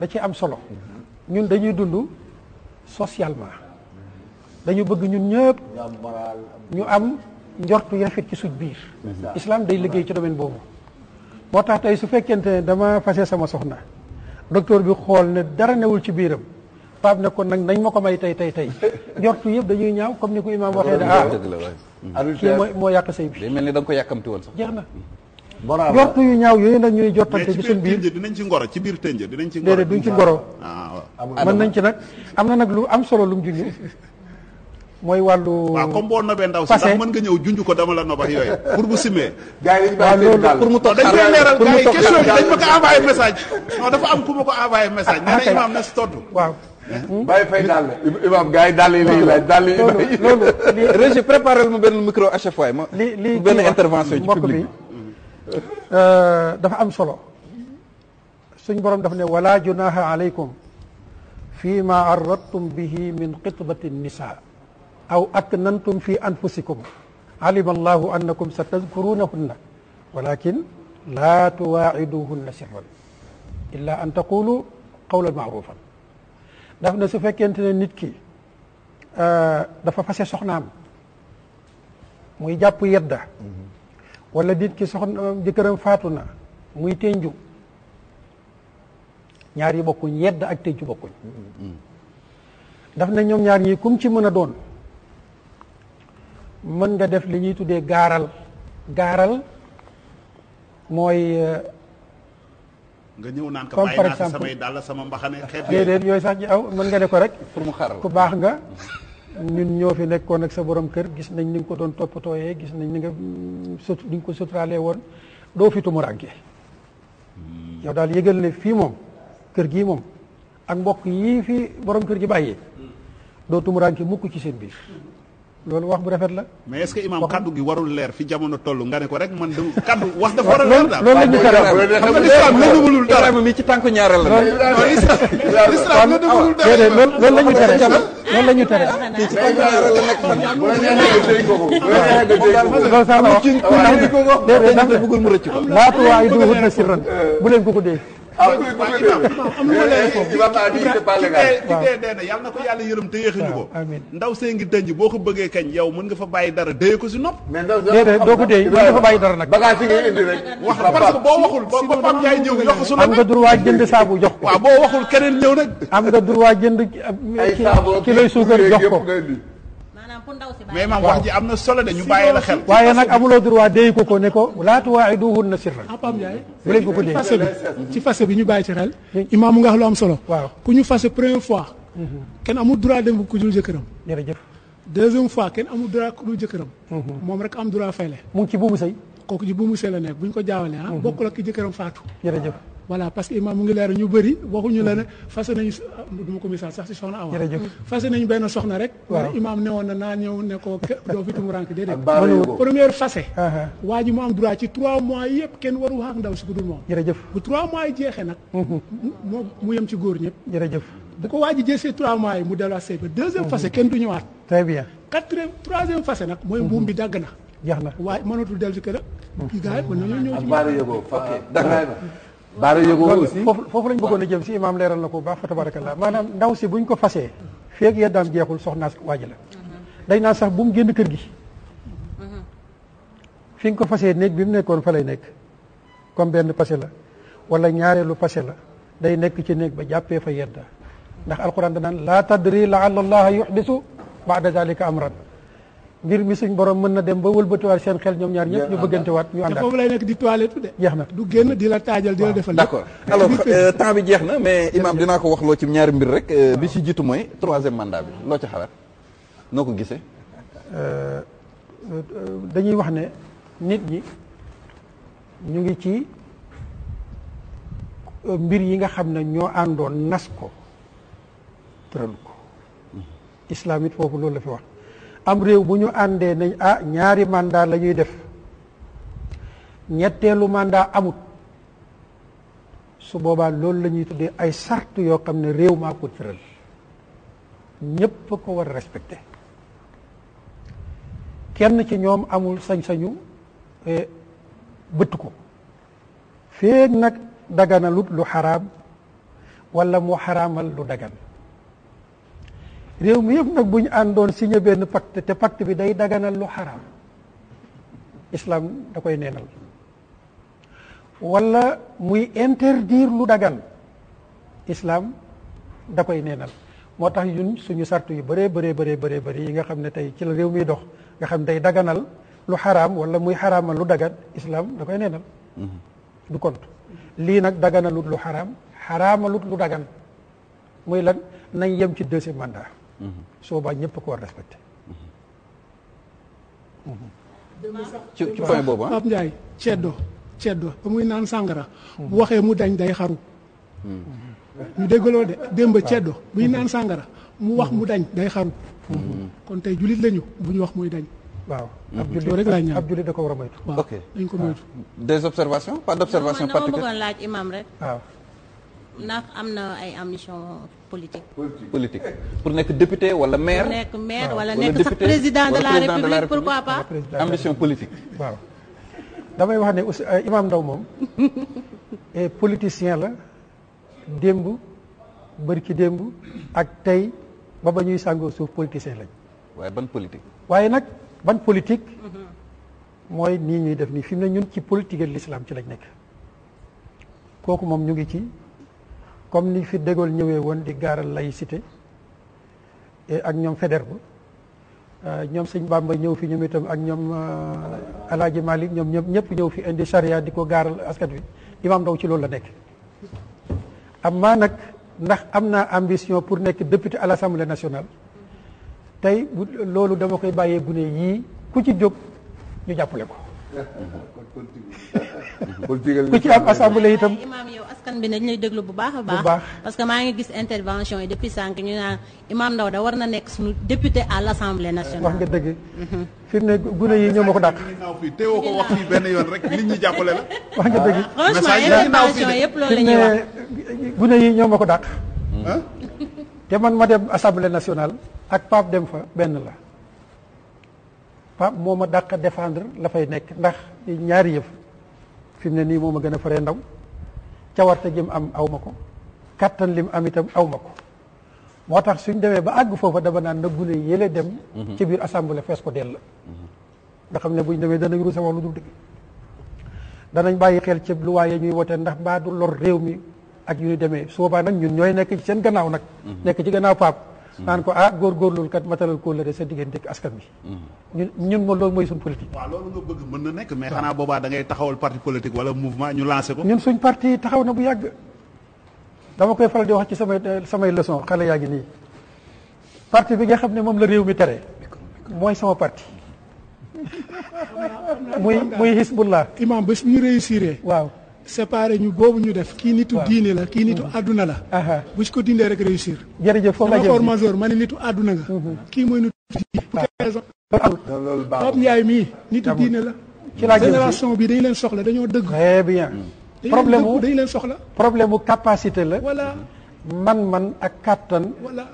da ci am solo. Mm-hmm. ñun dañuy dund socialement. dañu bëgg ñun ñëpp. ñu am njortu yu rafet ci suñ biir. islam day liggéey ci domaine boobu. moo tax tey su fekkente ne dama fase sama soxna. docteur bi xool ne dara newul ci biiram. Pape ne ko nag nañ ma ko may tey tey tey njortu yëpp dañuy ñaaw comme ni ko imaam waxee ne ah. Mm-hmm. adultère kii moo yàq sëy bi. mel ni da ko yàkkamti woon sax. jeex na. boraama yu ñaaw yooyu nag ñuy jottante ci seen biir ci ngoro ci biir tënj dinañ ci ngoro déedéet duñ ci ngoro. Ah, mën nañ ci nag am na nag lu am solo lu mu junj. mooy wàllu. waaw boo nobee ndaw si ndax mën nga ñëw junj ko dama la nobax yooyu pour bu simee. gars yi dañu bàyyi pour mu toog dañ koy leeral gars yi question bi dañ ma message. non dafa am ku ma ko envoyé message. Ah, nee na imaam na si tontu waaw. bàyyi fay dàll. imaam gars yi dàll yi lay laaj dàll yi. loolu loolu lii Régis préparé mu benn micro à chaque fois ma. lii lii benn intervention ci public bi euh, dafa am solo. suñ borom daf ne wala junaha alaykum fi ma arradtum bihi min xitbati nisa aw aknantum fi anfusikum alima allahu annakum satadkurunahunna walakin la tuwaciduhunna sirran illa an taqulu qawlan maarufan daf na su fekkente ne nit ki euh, dafa fase soxnaam muy jàpp yedda wala nit ki soxna jëkkëram faatu na muy tenju ñaar yi bokkuñ yedda ak tenju bokkuñ daf ne ñoom ñaar ñi kum ci mën a doon mën nga def li ñuy tuddee gaaral gaaral mooy euh, nga ñëw naan ko bàyyi naa sama mbaxane xeet déedéet yooyu sax ji aw mën nga ne ko rek pour mu xaral ku baax nga ñun ñoo fi nekkoon ak sa borom kër gis nañ ni nga ko doon toppatooyee gis nañ ni nga mm, sot ni nga ko suturaalee woon doo fi tumuraanke hmm. yow daal yëgal ne fii moom kër gi moom ak mbokk yii fi borom kër gi bàyyee hmm. doo tumuraanke mukk ci seen biir loolu wax bu rafet la. mais est-ce que kaddu gi warul leer fi jamono toll nga ne ko rek man de kaddu wax dafa war a leer daal. loolu la tere loolu mi ci tànku ñaareel la. loolu islam la duggalul dara loolu la ñu tere loolu la ñu tere. ci tànku ñaareel la nekk man. loolu laatu waayu du wut na sirran bu leen ko ko dee. ah bu dul bu na yàlla na ko yàlla yërëm te yéexuñu ko. ndaw see ngi tënj boo ko bëggee kañ yow mën nga fa bàyyi dara déye ko si nopp. mais ndaw doo ko déye mën nga fa bàyyi dara nag. bagage yi ngay indi rek. wax parce que boo waxul boo ko Pape Ndiaye ñëw yokk su am nga droit jënd saabu jox ko. waaw boo waxul keneen ñëw nag. am nga droit jënd. ay euh, saabu kilo suukar jox ko. mais imaam wax ji am na solo de ñu bàyyi la xel. waaye nag amuloo droit déy ko ko ne ko laa tuwaa'iduhunna sirran. Ah, Pape Ndiaye bu leen ko ko dee fase bi ñu bàyyi ci xel. imaam nga xam am solo. waaw ku ñu fase première fois. Mhm. kenn amul droit dem ku dul jëkkëram. jërëjëf. deuxième fois kenn amul droit ku dul jëkkëram. Mhm. moom rek am droit fayle. mu ngi ci buumu sëy. kooku ci buumu sëy la nekk bu ñu ko jaawalee ah. Mhm. bokkul ak ki jëkkëram faatu. jërëjëf. voilà parce que imam mu ngi leer ñu bëri waxuñu la ne fase nañu ah, du ma ko misaal sax si soxna Awa fase nañu benn soxna rek war imam newoon na naa ñëw ne ko doo fi tumurank déedéet première fase uh-huh. waa ji mu am droit ci trois mois yëpp kenn waru wax ak ndaw si ku dul moom jërëjëf bu trois mois yi jeexee nag uh-huh. moo mu yem ci góor ñëpp jërëjëf bu ko waa ji jël see trois mois yi mu delluwaat sëy ba deuxième fase uh-huh. kenn du ñëwaat très bien quatrième troisième fase nag mooy mbuum bi dagg na jeex na waaye mënatul dellu si kër a gars yi mën nañoo ñëw ci baara yëgoo aussi foofu lañ bëggoon a jëm si imaam leeral na ko baax fa tabarakallah maanaam ndaw si buñ ko fasee feeg yeddaam jeexul soxnaas waa ji la mhm. dañ naan sax bu mu génn kër gi mhm. fi ko fasee néeg bi mu nekkoon fa lay nekk comme benn passé la wala ñaareelu passé la day nekk ci néeg ba jàppee fa yedda ndax alquran danaan laa tadri la alla allaha yuxdisu baada dalika amran mbir mi suñ borom mën na dem ba wëlbatiwaat seen xel ñoom ñaar ñëpp ñu bëggantewaat ñu àndaat foofu lay nekk di toilette de jeex na du génn di la taajal di la defal d'accord alors euh, bi jeex na mais imam dinaa ko wax loo ci ñaari mbir rek euh, bi si jitu mooy troisième mandat bi loo ci xalaat noo ko gisee euh, dañuy wax ne nit ñi ñu ngi ci mbir yi nga xam ne ñoo àndoon nas ko tëral ko hmm. islam foofu loolu la fi wax am réew bu ñu àndee nañ ah ñaari mandat lañuy ñuy def ñetteelu mandat amut su boobaa loolu la ñuy tuddee ay sart yoo xam ne réew maa ko tëral ñépp ko war a respecté kenn ci ñoom amul sañ-sañu eh, bëtt ko feeg nag daganalut lu xaraam walla mu xaraamal lu dagan réew mi yëpp nag bu ñu àndoon signé benn pacte te pacte bi day daganal lu xaraam islam da koy neenal wala muy interdire lu dagan islam da koy neenal moo tax ñun suñu sartu yu bëree bëree bëree bëree bëri yi nga xam ne tey ci la réew mi dox nga xam day daganal lu xaraam wala muy xaraamal lu dagan islaam da koy neenal mm-hmm. du kont lii nag daganalut lu xaraam xaraamalut lu dagan muy lan nañ yem ci deuxième mandat su boobaa ñëpp ko war respecté. ci ci point boobu ah Pape Ndiaye ceddo ceddo ba muy naan sàngara bu waxee mu dañ day xaru. Hmm. ñu déggaloo de démb ceddo buy naan sàngara mu wax mu dañ day xaru. Hmm. kon tey jullit lañu bu ñu wax muy dañ. waaw hmm. ab jullit ñaan ab jullit da ko war a moytu. ok dañ ko moytu. Ah. des observations pas d'observation particulière. laaj imam ndax am na ay ambition politique. politique pour nekk député wala maire. pour nekk maire wala nekk sax président de la république pourquoi pas. ambition politique. waaw damay wax ne aussi euh, Imam ndaw moom. Eh, politicien la démb bërki démb ak tey ba ba ñuy sàngoo suuf politicien lañ. waaye ban politique. waaye nag ban politique. Mhm. mooy nii ñuy def nii fi mu ne ñun ci politique l'islam ci lañ nekk kooku moom ñu ngi ci. comme ni fi De Gaulle ñëwee woon di gaaral laïcité ak ñoom feder Faidherbe euh, ñoom sëñ ba ñëw fi ñoom itam ak ñoom euh, Alaaji Malik ñoom ñëpp ñëpp ñëw fi indi charia di ko gaaral askan wi imaam Ndao ci loolu la nekk amma nag ndax am naa ambition pour nekk député à l'Assemblée nationale tey loolu dama koy bàyyee gune yii ku ci jóg ñu jàppale ko ku ci am assemblée itam askan bi dañ lay déglu bu baax a baax parce que maa ngi gis intervention yi depuis sànq ñu naan Imam Ndawda war na nekk suñu député à l'Assemblée nationale wax nga dëgg fi mu ne gune yi ñoo ma ko dàq teewoo benn yoon rek nit ñi la wax nga dëgg ah, yëpp loolu la ñuy yi ñoo ma ko dàq te man ma dem assemblée nationale ak Pape dem fa benn la Pape moo ma dàq défendre la fay nekk ndax ñaari yëf fi ne nii moo ma gën a faree ndaw cawarte ta jëm am aw ma ko kattan li mu am itam aw ma ko moo tax suñ demee ba àgg foofa dama naan na gune yële dem mhm. ci biir assemblée fees ko dell mhm. nga xam ne buñ demee danañ ruuse wax lu dul dëgg danañ bàyyi xel ci lu waaye ñuy wote ndax mbaa du lor réew mi ak yu ñu demee su na nag ñun ñooy nekk ci seen gannaaw nag mhm. nekk ci gannaaw paap naan ko ah góorgóorlul kat matalal kóllëre sa diggante ak askan bi ñun ñun moom loolu mooy suñ politique waaw loolu nga bëgg mën na nekk mais xanaa boobaa da ngay taxawal parti politique wala mouvement ñu lancé ko ñun suñ parti taxaw na bu yàgg dama koy faral di wax ci samay samay leçon xale yàgg ngi nii parti bi nga xam ne moom la réew mi tere mooy sama parti muy muy laa imam bés bu ñu réussiree waaw séparé ñu boobu ñu def kii nitu diine la kii nitu àdduna mm-hmm. la bu ci ko dindee rek réussir jërëjëf foofu dama xoor major ma ne nitu àdduna nga mm-hmm. kii mooy nitu diine ah. pour quelle raison Pape Ndiaye mii nitu diine la ci laa génération bi dañu leen soxla dañoo dëgg très bien problème mu dañu leen soxla problème mu capacité la voilà man-man ak kàttan voilà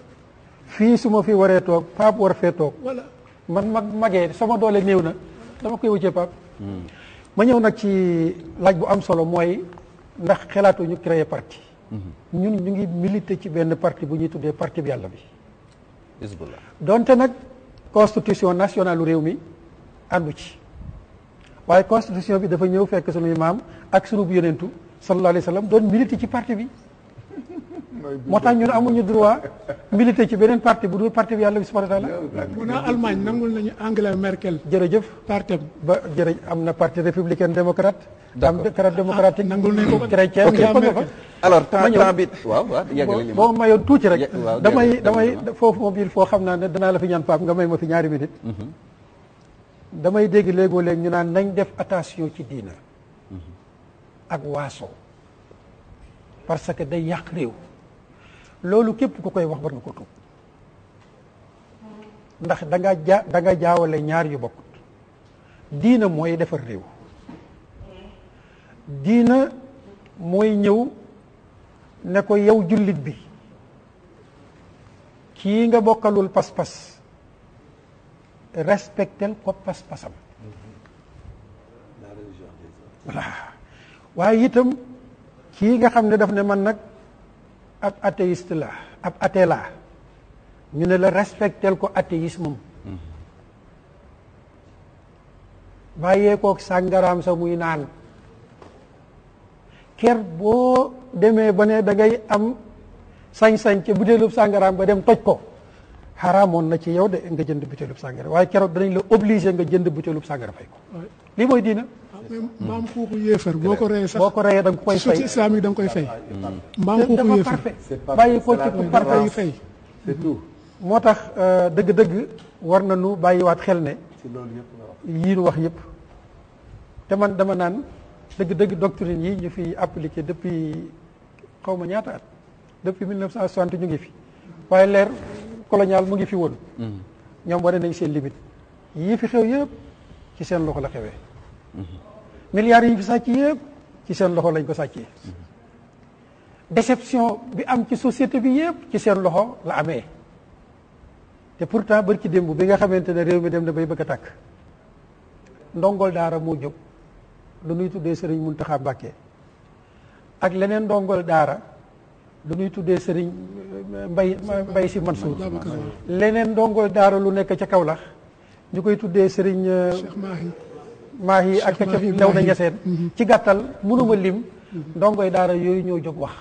fii su ma fi waree toog Pape war fee toog voilà man mag magee sama doolee néew na dama koy wuccee Pape hmm. ma ñëw nag ci laaj bu am solo mooy ndax xalaatu ñu créer parti. Mhm. ñun ñu ngi militer ci benn parti bu ñuy tuddee parti bi yàlla bi. bisimilah donte nag constitution nationale réew mi àndu ci waaye constitution bi dafa ñëw fekk sunuy maam ak sunu bu yonentu sallallahu alayhi wa sallam doon militer ci parti bi. moo tax ñun amuñu droit militer ci beneen parti bu dul parti bi yàlla bi subhanahu wa taala mu naa Allemagne nangul nañu Angela Merkel jërëjëf partem ba jërëj am na parti républicaine démocrate am démocrate démocratique nangul nañ ko chrétien alors temps bi waaw waaw boo mayoon tuuti rek damay damay foofu moom il faut xam naa ne danaa la fi ñaan Pape nga may ma fi ñaari minute mhm. damay dégg léegoo léeg ñu naan nañ def attention ci diina mhm. ak waaso parce que day yàq réew loolu képp ku koy wax war nga ko tuub ndax danga nga ja jaawale ñaar yu bokkut diina mooy defar réew diina mooy ñëw ne ko yow jullit bi kii nga bokkalul pas-pas respectel ko pas-pasam waaye itam kii nga xam ne daf ne man nag ab athéiste la ab athée la ñu ne la respectel ko mum athéisme bàyyee kook sàngaraam mu muy naan ker boo demee ba ne dangay ngay am sañ-sañ ca butéelub sangaram ba dem toj ko xaraamoon na ci yow de nga jënd butéelub sàngara waaye keroog danañ la obligé nga jënd butéelub sàngara fay ko lii mooy diina mbaam xuuxu yéefar boo ko reyee sax boo ko reyee da nga koy fay islamique mm. da nga koy fay. mbaam xuuxu yéefar bàyyi ko ci ku parfait yi fay. c'est moo tax euh, dëgg-dëgg war nu bàyyi waat xel ne. ci loolu yëpp yii nu wax yëpp. te man dama naan dëgg-dëgg doctrine yi ñu fi appliqué depuis xaw ma ñaata at depuis 1960 ñu ngi fi waaye leer colonial mu ngi fi woon. Mm. ñoom wane nañ seen limite yii fi xew yëpp ci seen loxo la xewee. Mm-hmm. milliards yi ñu fi sàcc yëpp ci seen loxo lañ ko sàccee déception bi am ci société bi yëpp ci seen loxo la amee te pourtant bari ci démb bi nga xamante ne réew mi dem na bay bëgg a takk ndongol daara moo jóg lu nuy tuddee sëriñ Muntaxa Mbàkke ak leneen ndongol daara lu nuy tuddee sëriñ euh, mbay mbay si Mansour leneen ndongol daara lu nekk ca Kawlax ñu koy tuddee sëriñ maa yi ak ca new na ñeseen ci gàttal mënuma lim ndongoy daara yooyu ñoo jóg wax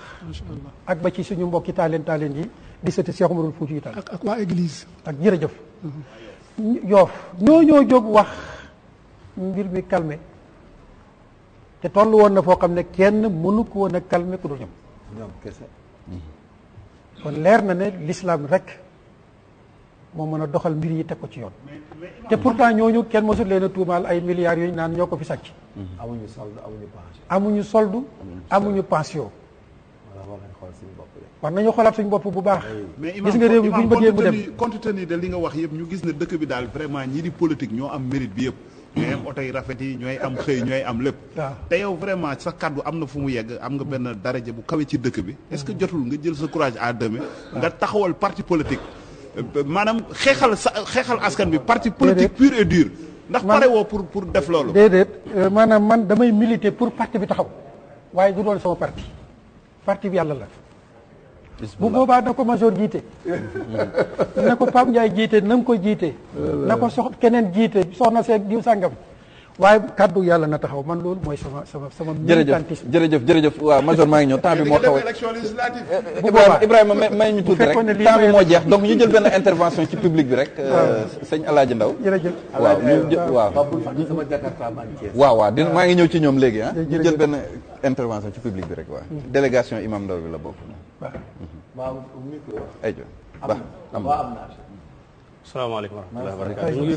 ak ba ci suñu mbokki taaleen taaleen yi di sëti Cheikh Umarul Fuuti Taal ak waa église ak jërëjëf mhm. yoof ñoo ñoo jóg wax mbir mi calmé te toll woon na foo xam ne kenn mënu ko woon a calmé ku dul ñoom kon leer na ne l'islam rek moo mën a doxal mbir yi teg ko ci yoon te pourtant ñu kenn mësul leen a tuumaal ay milliards yooyu naan ñoo ko fi sàcc amuñu soldu amuñu pension amuñu soldu amuñu pension war nañu xoolaat suñu bopp bu baax gis nga réew mi buñ bëggee mu dem compte li nga wax yëpp ñu gis ne dëkk bi daal vraiment ñi di politique ñoo am mérite bi yëpp ñooy am oto yi rafet yi ñooy am xëy ñooy am lépp ah. te yow vraiment sa kaddu am na fu mu yegg am nga benn daraja bu kawe ci dëkk bi est-ce que jotul nga jël sa courage à deux nga taxawal parti politique maanaam xeexal sa xeexal askan bi parti politique pur et dur ndax pare woo pour pour def loolu déedéet euh, maanaam man damay militer pour parti bi taxaw waaye du doon sama parti parti bi yàlla la bu boobaa na ko major jiite na ko Pape Ndiaye jiite na nga ko jiite na ko sox keneen jiite soxna seeg diw sàngam waaye kaddu yàlla na taxaw man loolu mooy sama sama sama. militantisme jërëjëf jërëjëf jërëjëf waaw major maa ngi ñëw temps bi moo xaw a. Ibrahima may ñu tuuti rek temps bi moo jeex donc ñu jël benn intervention ci public bi rek. Euh, sëñ Alaaji Ndaw jërëjëf waaw ñu waaw. waaw waaw dina maa ngi ñëw ci ñoom léegi ah. ñu jël benn intervention ci public bi rek waa mm-hmm. délégation imam Ndaw bi la bokk. waaw mm-hmm. waaw mi salaamaaleykum wa rahmatullahi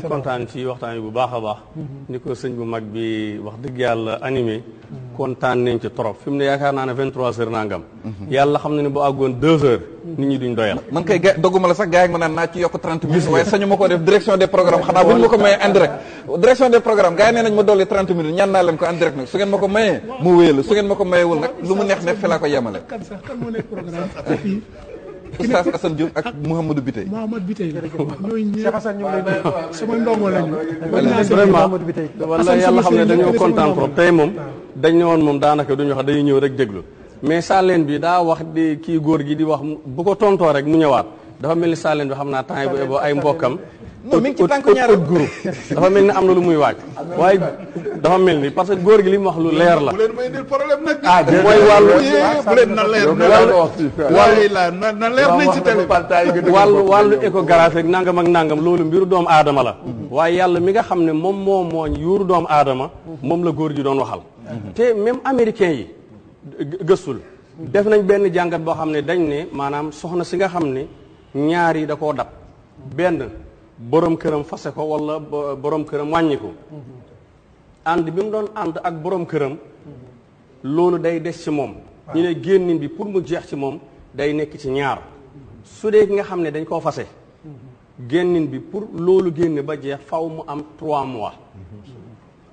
wa barakatu yi bu baax a baax mm-hmm. ni ko sëñ bu mag bi wax dëgg yàlla animé mm-hmm. kontaan nañ ci trop fi ne yaakaar naa ne vingt trois mm-hmm. xam na ne bu àggoon deux heures nit duñ doyal man kay ga sax gars ma naan naa ci yokk trente minutes waaye sañu ko def direction des programmes xanaa bu ma ko mayee en direction des programmes gars yi nañ ma dolli trente minutes ñaan naa leen ko en direct nag ma ko mayee mu wéyal su ma ko mayewul nag lu Oustaz Assane Diop ak Mouhamadou Biteye. Mouhamadou Biteye ñooñu ñëpp sama ndongo lañu. vraiment wala yàlla xam ne dañoo kontaan trop tey moom. dañ ne woon moom daanaka duñu wax dañuy ñëw rek déglu mais saa leen bi daa wax di kii góor gi di wax bu ko tontoo rek mu ñëwaat. dafa mel ni Salen bi xam naa temps yi boo ay mbokkam. dafa mel ni am na lu muy waaj. waaye dafa mel ni parce que góor gi li mu wax lu leer la. bu leen may indil problème nag. ah mooy na leer na leer nañ ci ak nangam ak nangam loolu mbiru doomu aadama la. waaye yàlla mi nga xam ne moom moo mooñ yuuru doomu aadama. moom la góor gi doon waxal. te même américain yi gëstul. def nañ benn jàngat boo xam ne dañ ne maanaam soxna si nga xam ne ñaar yi da koo dab benn boroom këram fase ko wala boroom këram wàññi ànd bi mu doon ànd ak borom këram loolu day des ci moom ñu ne génnin bi pour mu jeex ci moom day nekk ci ñaar su dee ki nga xam ne dañ koo fase génnin bi pour loolu génn ba jeex faw mu am trois mois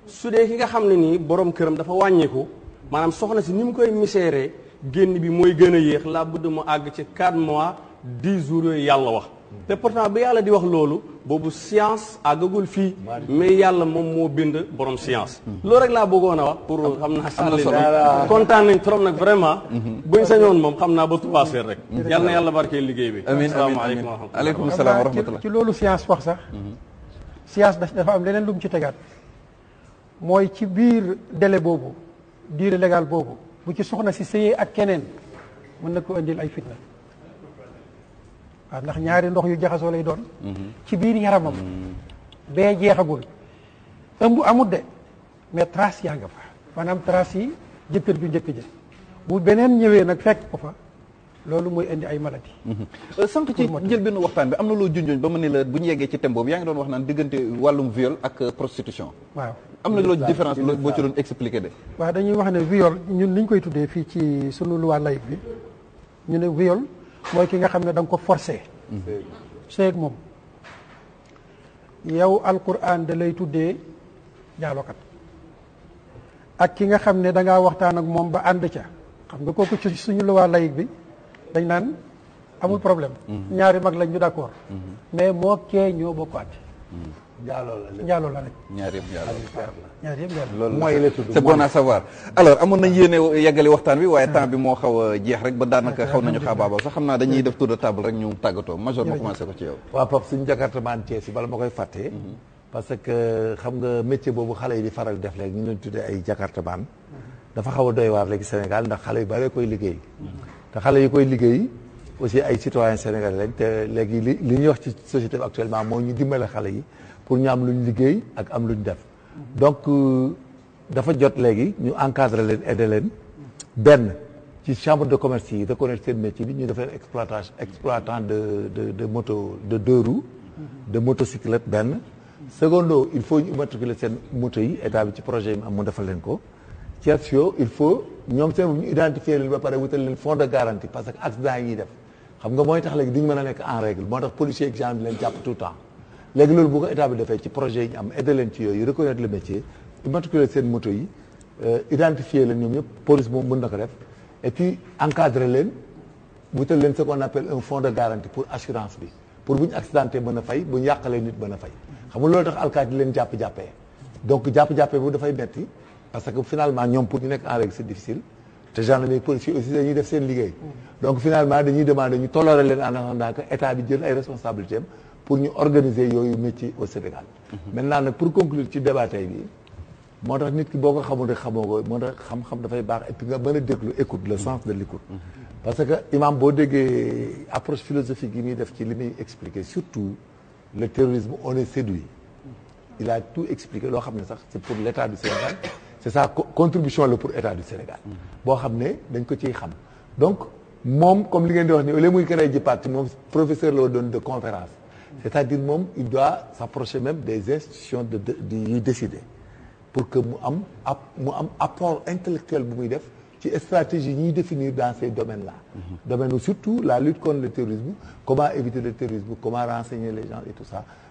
su dee ki nga xam ne nii borom këram dafa wàññeeku maanaam soxna si ni mu koy miséere génn bi mooy gën a yéex laa bëgg mu àgg ci quatre mois dix jour yooyu yàlla wax te pourtant bi yàlla di wax loolu boobu science àggagul fii mais yàlla moom moo bind borom science loolu rek laa bëggoon a wax pour xam naa sànni kontaan nañ trop nag vraiment mhm. buñ sañoon moom xam naa ba trois heures rek yàlla na yàlla barkee liggéey bi amiin wa rahmatulah aleykum salaam wa rahmatulah ci loolu science wax sax mhm. science dafa am leneen lu mu ci tegaat mooy ci biir délai boobu diire légal boobu bu ci soxna si sëyee ak keneen mën na ko indil ay fitna waaw ndax ñaari ndox yu jaxasoo lay doon mhm. ci biir yaramam mhm. bee jeexagul ëmb amut de mais trace yaa nga fa maanaam trace yi jëkkër ju njëkk ja bu beneen ñëwee nag fekk ko fa loolu mooy indi ay maladi mhm. euh, sànq ci njëlbéenu waxtaan bi am na loo junjoon ba ma ne la bu ñu yeggee ci thème boobu yaa ngi doon wax naan diggante wàllum viol ak euh, prostitution waaw am na loo différence boo ci doon expliqué de waa dañuy wax ne viol ñun niñ koy tuddee fii ci sunu loi laïque bi ñu ne mooy ki nga xam ne da nga ko forcé seeg moom yow alquran da lay tuddee jaalokat ak ki nga xam ne da ngaa waxtaan ak moom ba ànd ca xam nga kooku ci suñu luwaa layig bi dañ naan amul problème mm-hmm. ñaari mag lañ ñu d'accord mm-hmm. mais moo kee ñoo bokk àtte mm-hmm. jaaloo la rek jaaloo la rek. ñaar yëpp jaaloo la loolu mooy la tudd c'est bon à savoir amoon nañ yéene yeggali waxtaan wi waaye ah. temps bi moo xaw a jeex rek ba daanaka ah, xaw nañu xaabaabal sax xam naa dañuy def tour de table rek ñu tàggatoo major ma commencé ci yow waaw Pape suñu jakartamaan Thiès yi bala ma koy fàttee mhm. parce que xam nga métier boobu xale yi di faral def léegi ñu leen tuddee ay jakartamaan mhm. dafa xaw a doy waar léegi Sénégal ndax xale yu baree koy liggéey mhm. te xale yi koy liggéey aussi ay citoyen sénégalais lañ léegi li li ñuy wax ci société bi actuellement ñu dimbale xale yi pour ñu am lu ñu liggéey ak am lu ñu def donc euh, dafa jot léegi ñu encadre leen aider leen benn ci chambre de commerce yi reconnaître seen métier bi ñu def leen exploitant de de de moto de deux roues de motocyclette benn secondo il faut ñu immatriculer seen moto yi état bi ci projet yi mu am leen ko tertio il faut ñoom seen ñu identifier leen ba pare wutal leen fonds de garantie parce que accident yi ñuy def xam nga mooy tax léegi duñu mën a nekk en règle moo tax policier ak léegi loolu bu ko état bi defee ci projet yi ñu am aider leen ci yooyu la le métier immatriculer seen moto yi euh, identifier leen ñoom ñëpp police moom mën na ko def et puis encadrer leen wutal leen ce qu'on appelle un fonds de garantie pour bi a fay bu yàqalee nit a xam nga loolu tax alkaati leen jàpp-jàppee donc jàpp-jàppee bu dafay metti parce que finalement ñoom pour ñu nekk en règle def seen liggéey donc finalement dañuy demander ñu tolloore leen en attendant que état bi jël ay responsabilités pour ñu organiser yooyu métier au Sénégal maintenant nag pour conclure ci débat bi moo tax nit ki boo ko xamul rek xamoo ko moo tax xam-xam dafay baax et puis nga mën a déglu écoute le sens de l'écoute parce que imam boo déggee approche philosophique yi muy def ci li muy expliquer surtout le terrorisme on est séduit il a tout expliqué loo xam ne sax c'est pour l'état du Sénégal c'est sa contribution la pour état du Sénégal boo xam ne dañ ko ciy xam donc moom li ngeen di wax ni au lieu muy créé ji de conférence c'est-à-dire moom il doit s'approcher même des institutions de yuy décider pour que mu am ab mu am apport intellectuel bu muy def ci stratégie ñuy définir dans ces domaines là mm-hmm. domaine surtout la lutte contre le terrorisme comment éviter le terrorisme comment renseigner les et tout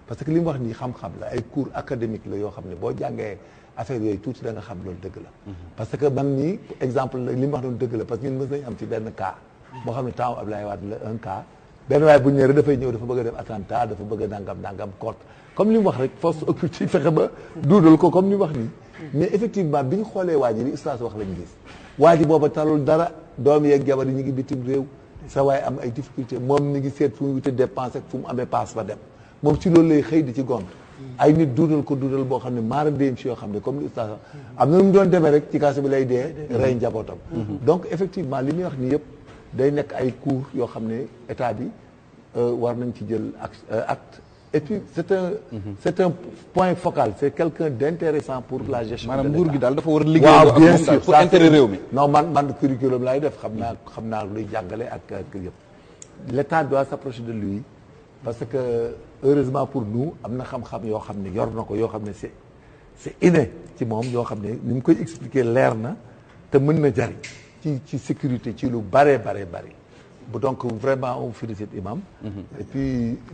parce que li mu wax nii xam-xam la ay cours académique la yoo xam ne boo jàngee affaire yooyu tuuti da nga xam loolu dëgg la mm-hmm. parce que man nii exemple li mu wax noonu dëgg la parce que ñun am ci benn cas boo xam ne temps Abdoulaye Wade la benn waaye bu ñëwee dafay ñëw dafa bëgg a def attentat dafa bëgg a nangam nangam kort comme li mu wax rek force occulte yi fexe ba duudal ko comme li mu wax nii mais effectivement bi ñu xoolee waa ji li ustaas wax lañ gis waa ji booba talul doom yeeg ñu ngi bitim réew sa waaye am ay moom mi ngi seet fu mu wute dépense mu amee paas ba dem moom ci loolu lay xëy di ci gont ay nit ko duudal boo xam ne maara déem yoo xam ne comme li mu doon demee rek ci kaso lay dee rey njabootam mm-hmm. donc effectivement li muy wax nii yëpp day nekk ay cours yoo xam ne état bi euh, war nañ ci jël euh, acte et puis c'est un mm-hmm. c'est un point focal c'est quelqu'un d'intéressant pour la mm-hmm. gestion maanaam nguur gi daal dafa war a liggéey waaw bien mi non man man curriculum laay def xam naa xam naa luy jàngale ak ak euh, yëpp l'état doit de lui parce que heureusement pour nous am na xam-xam yoo xam ne yor na ko yoo xam ne c'est c'est inné ci moom yoo xam ne ni koy expliquer leer na te mën na jariñ ci ci sécurité ci lu bare bare bare bu donc vraiment on félicite imam mhm. et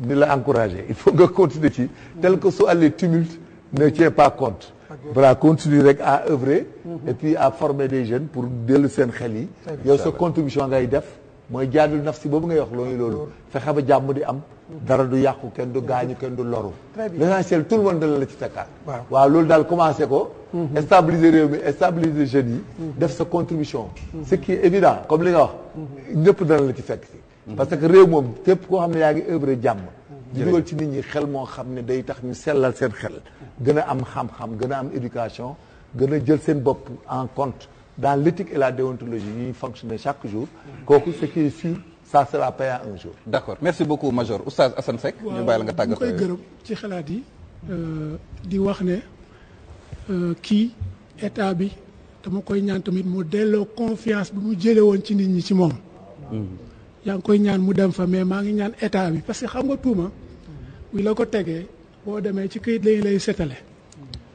ni la encouragé il faut nga continuer ci tel que soit les tumultes ne tient pas compte voilà continuer rek a œuvrer mhm. et puis à former des jeunes pour dellu seen xel yi yow sa contribution ngay def mooy jaadul naf si boobu ngay wax loolu loolu fexe ba jàmm di am mhm. dara du yàqu kenn du gaañu kenn du loru l'essentiel tout le monde dala la ci waaw loolu daal commencé ko Mm-hmm. stabiliser réew mi stabiliser jeunes yi. Mm-hmm. def sa contribution. Mm-hmm. ce qui est évident comme li nga wax. ñëpp dana la ci fekk si. parce que réew moom képp koo xam ne yaa ngi œuvre jàmm. di ci nit ñi xel moo xam ne day tax ñu sellal seen xel. gën a am xam-xam gën a am éducation gën a jël seen bopp en compte dans l'éthique et la déontologie ñuy fonctionner chaque jour. kooku ce qui est sûr ça sera payant un jour. d'accord merci beaucoup major oustaz Assane Seck. ñu bàyyi la nga tàggatoo waaw euh, di wax ne. Euh, kii état bi dama koy ñaan tamit mu delloo confiance bi mu jëlee woon ci nit ñi ci moom. Mm-hmm. yaa ngi koy ñaan mu dem fa mais maa ngi ñaan état bi parce que xam nga tuuma. bu la ko tegee boo demee ci këyit lañ lay setale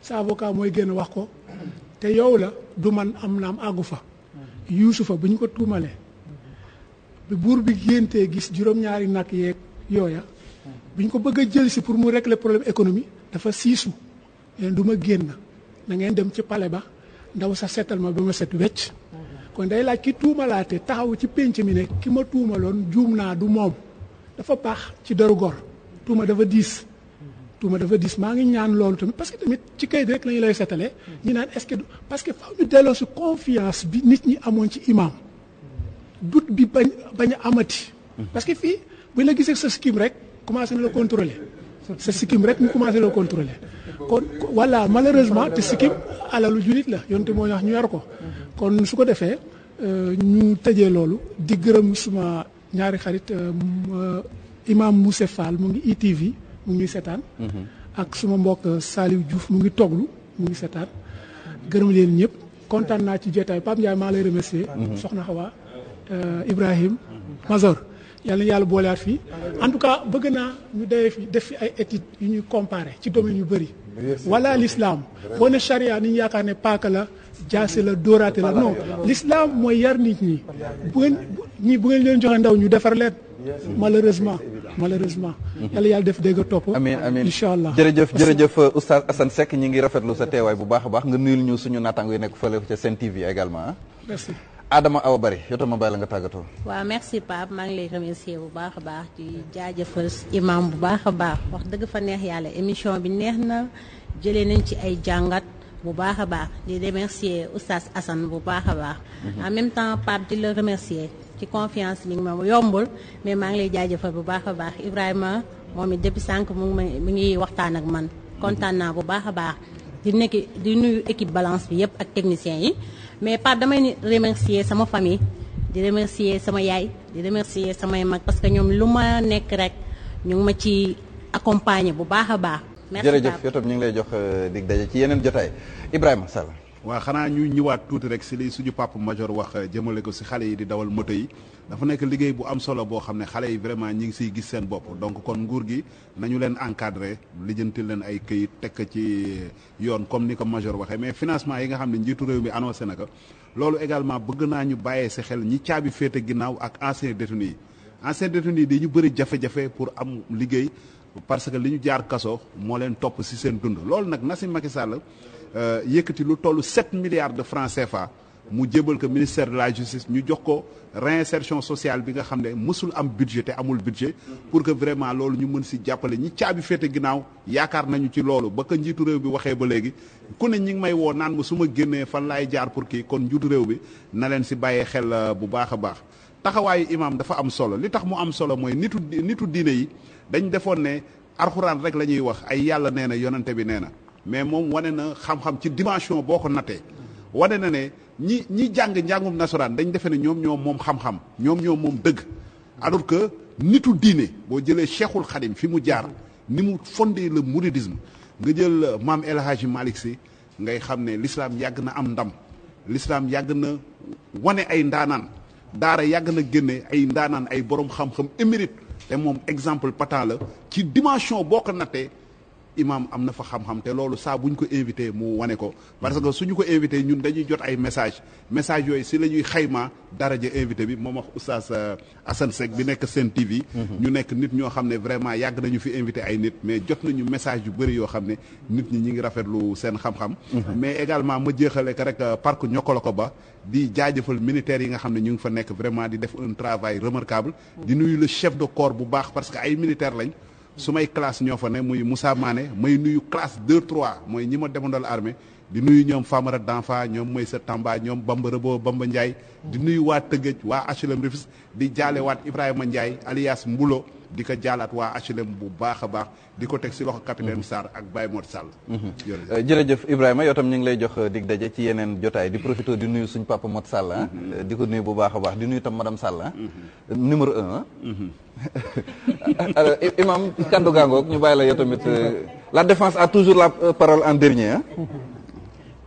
sa avocat mooy génn wax ko te yow la du man am naam àggu fa. Mm-hmm. yuusufa bu ñu ko tuumalee. bi buur bi géntee gis juróom-ñaari nag yeeg yooya. Mm-hmm. bi ñu ko bëgg a jël si pour mu régler problème économie dafa siisu leen du ma génn. na ngeen dem ci pale ba ndaw sa seetal ma ba ma set wecc kon day laaj ki tuumalaate taxaw ci pénc mi ne ki ma tuumaloon juum naa du moom dafa baax ci deru gor tuuma dafa diis tuuma dafa diis maa ngi ñaan loolu tamit parce que tamit ci kayit rek lañu lay seetalee ñi naan est-ce que parce que faw ñu delloo si confiance bi nit ñi amoon ci imam doute bi bañ bañ amati parce que fii bu ñu gisee sa sikkim rek commencé na la contrôler sa sikkim rek ñu commencé la contrôler kon voilà malheureusement te sikkim alalu julit la yonte moo wax ñu yor ko kon su ko defee euh, ñu tëjee loolu di gërëm suma ñaari xarit euh, imam Moussa Fall mu ngi ITV mu ngi seetaan mm-hmm. ak suma mbokk euh, Saliou Diouf mu ngi toglu mu ngi seetaan gërëm leen ñëpp kontaan naa ci jotaay Pape Ndiaye maa lay remercier mm-hmm. soxna Xawa Ibrahim mm-hmm. Mazor yàlla na yàlla boolewaat fii en tout cas bëgg naa ñu dee fi def fi ay études yu ñuy comparer ci domaine yu bëri. walla l'islam boo ne charia ni ñu yaakaar ne paaka la jaase la dóoraate la non l'islam mooy yar nit ñi bu ngeen ñi bu ngeen leen joxe ndaw ñu defar leen malheureusement malheureusement. yàlla yàlla def dégg topp. amiin amiin incha allah jërëjëf jërëjëf oustaz Assane sekk ñi ngi rafetlu sa teewaay bu baax a baax nga nuyul ñu suñu naataango yi nekk fële ca Sen TV également ah. Adama Awa Bari yow ma bàyyi la nga tàggatoo. waaw merci Pape maa ngi lay remercier bu baax a baax di jaajëfal imam bu baax a baax wax dëgg fa neex yàlla émission bi neex na jëlee nañ ci ay jàngat. bu baax a baax di remercier oustaz Assane bu baax a baax. Mhm. en même temps Pape di la remercier ci confiance bi nga ma yombul mais maa ngi lay jaajëfal bu baax a baax Ibrahima moom i depuis sànq mu ngi mi ngi waxtaan ak man mhm. kontaan naa bu baax a baax di nekk di nuyu équipe balance bi yëpp ak techniciens yi. mais Pape damay ni remercier sama famille di remercier sama yaay di remercier samay mag parce que ñoom lu ma nekk rek ñu ngi ma ci accompagner bu baax a baax. merci jërëjëf yow tam ñu ngi lay jox euh, dig daje ci yeneen jotaay Ibrahima Sall. waa xanaa ñu ñëwaat tuuti rek si li suñu papa major wax euh, jëmale ko si xale yi di dawal moto yi. dafa nekk liggéey bu am solo boo xam ne xale yi vraiment ñi ngi siy gis seen bopp donc kon nguur gi nañu leen encadré lijjanti leen ay këyit tekk ci yoon comme ni ko major waxee mais financement yi nga xam ne njiitu réew mi annoncé na ko loolu également bëgg naa ñu bàyyee si xel ñi caabi féete ginnaaw ak anciens détenus yi anciens détenus yi ñu bëri jafe-jafe pour am liggéey parce que li ñu jaar kaso moo leen topp si seen dund loolu nag Nassim Macky Sall euh, yëkkati lu tollu 7 milliards de francs CFA. mu jébal ko ministère de la justice ñu jox ko réinsertion sociale bi nga xam ne mësul am budget te amul budget pour que vraiment loolu ñu mën si jàppale ñi caabi féete ginnaaw yaakaar nañu ci loolu ba ko njiitu réew bi waxee ba léegi ku ne ñi ngi may woo naan ma su ma génnee fan laay jaar pour kii kon njiitu réew bi na leen si bàyyee xel euh, bu baax a baax taxawaayu imaam dafa am solo li tax mu am solo mooy nitu nitu diine yi dañ defoon ne arxuraan rek la ñuy wax ay yàlla nee na yonante bi nee na mais moom wane na xam ci dimension boo ko nattee wane na ne ñi ñi jàng njàngum nasoraan dañ defe ne ñoom ñoom moom xam-xam ñoom ñoo moom dëgg alors que nitu diine boo jëlee cheikhul xadim fi mu jaar ni mu fondé le mouridisme nga jël maam El Hadji si ngay xam ne l'islam yàgg na am ndam l'islam yàgg na wane ay ndaanaan daara yàgg na génne ay ndaanaan ay borom xam-xam émérite te moom exemple patent la ci dimension boo ko nattee imam am na fa xam-xam te loolu saa buñ ko invité mu wane ko parce que suñu ko invité ñun dañuy jot ay message message yooyu si la ñuy xayma daraja invité bi moom wax oustaz euh, Assane Seck bi nekk Sen TV mhm. ñu nekk nit ñoo xam ne vraiment yàgg nañu fi invité ay nit mais jot nañu message yu bëri yoo xam ne nit ñi ñu ngi rafetlu seen xam-xam mhm. mais également ma jéexale ko rek euh, parc ko ba di jaajëfal militaires yi nga xam ne ñu ngi fa nekk vraiment di def un travail remarquable mhm. di nuyu le chef bu baax que ay militaire lañ su may classe ñoo fa ne muy Moussa maane may nuyu classe 2 3 mooy ñi ma demandool armée di nuyu ñoom Famara Danfa ñoom sa Tamba ñoom Bamba Rebo Bamba Ndiaye di nuyu waa Tëgëj waa HLM Rufis di jaalewaat Ibrahima Ndiaye alias Mbulo di ko jaalaat waa HLM bu baax a baax di ko teg si loxo capitaine mhm. Sarr ak Baye Mor Sall. Mhm. Euh, jërëjëf Ibrahima yow tam ñu ngi lay jox euh, dig daje ci yeneen jotaay di profité di nuyu suñ papa Mot Sall ah. Mhm. Euh, di ko nuyu bu baax a baax di nuyu tam madame Sall ah. numéro un alors ah. imam kaddu ñu bàyyi la yow tamit la défense a toujours la parole en ah.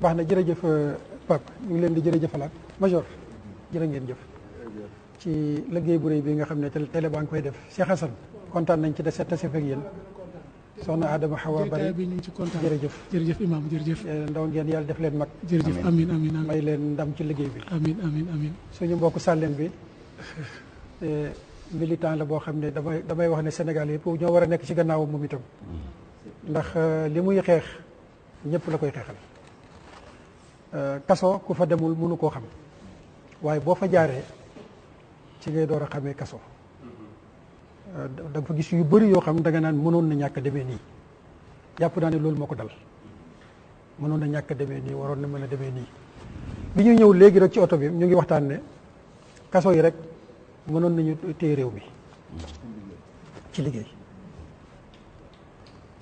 baax na jërëjëf euh, Pape ñu ngi leen di jërëjëfalaat major jërë ngeen jëf ci liggéey bu rëy bi nga xam ne télé baa ngi koy def Cheikh Hassane kontaan nañ ci de seet tase fekk yéen soxna Adama Xawa Bari bi ñu ngi ci kontaan jërëjëf jërëjëf imam jërëjëf eh, ndaw ngeen yàlla def leen mag jërëjëf amin amin may leen ndam ci liggéey bi amin amin amin suñu mbokk sàlleen bi eh, militant la boo xam ne damay damay wax ne Sénégal yëpp ñoo war a nekk ci gannaawam moom itam mm-hmm. ndax euh, li muy xeex ñëpp la koy xeexal Euh, kaso ku fa demul mënu koo xam waaye boo fa jaaree ci ngay door a xamee kaso euh, da nga fa gis yu bëri yoo xam ne da nga naan mënoon na ñàkk demee nii jàpp naa ne loolu moo ko dal mënoon na ñàkk demee nii waroon na mën a demee nii bi ñuy ñëw léegi rek ci oto bi ñu ngi waxtaan ne kaso yi rek mënoon nañu téye réew mi ci liggéey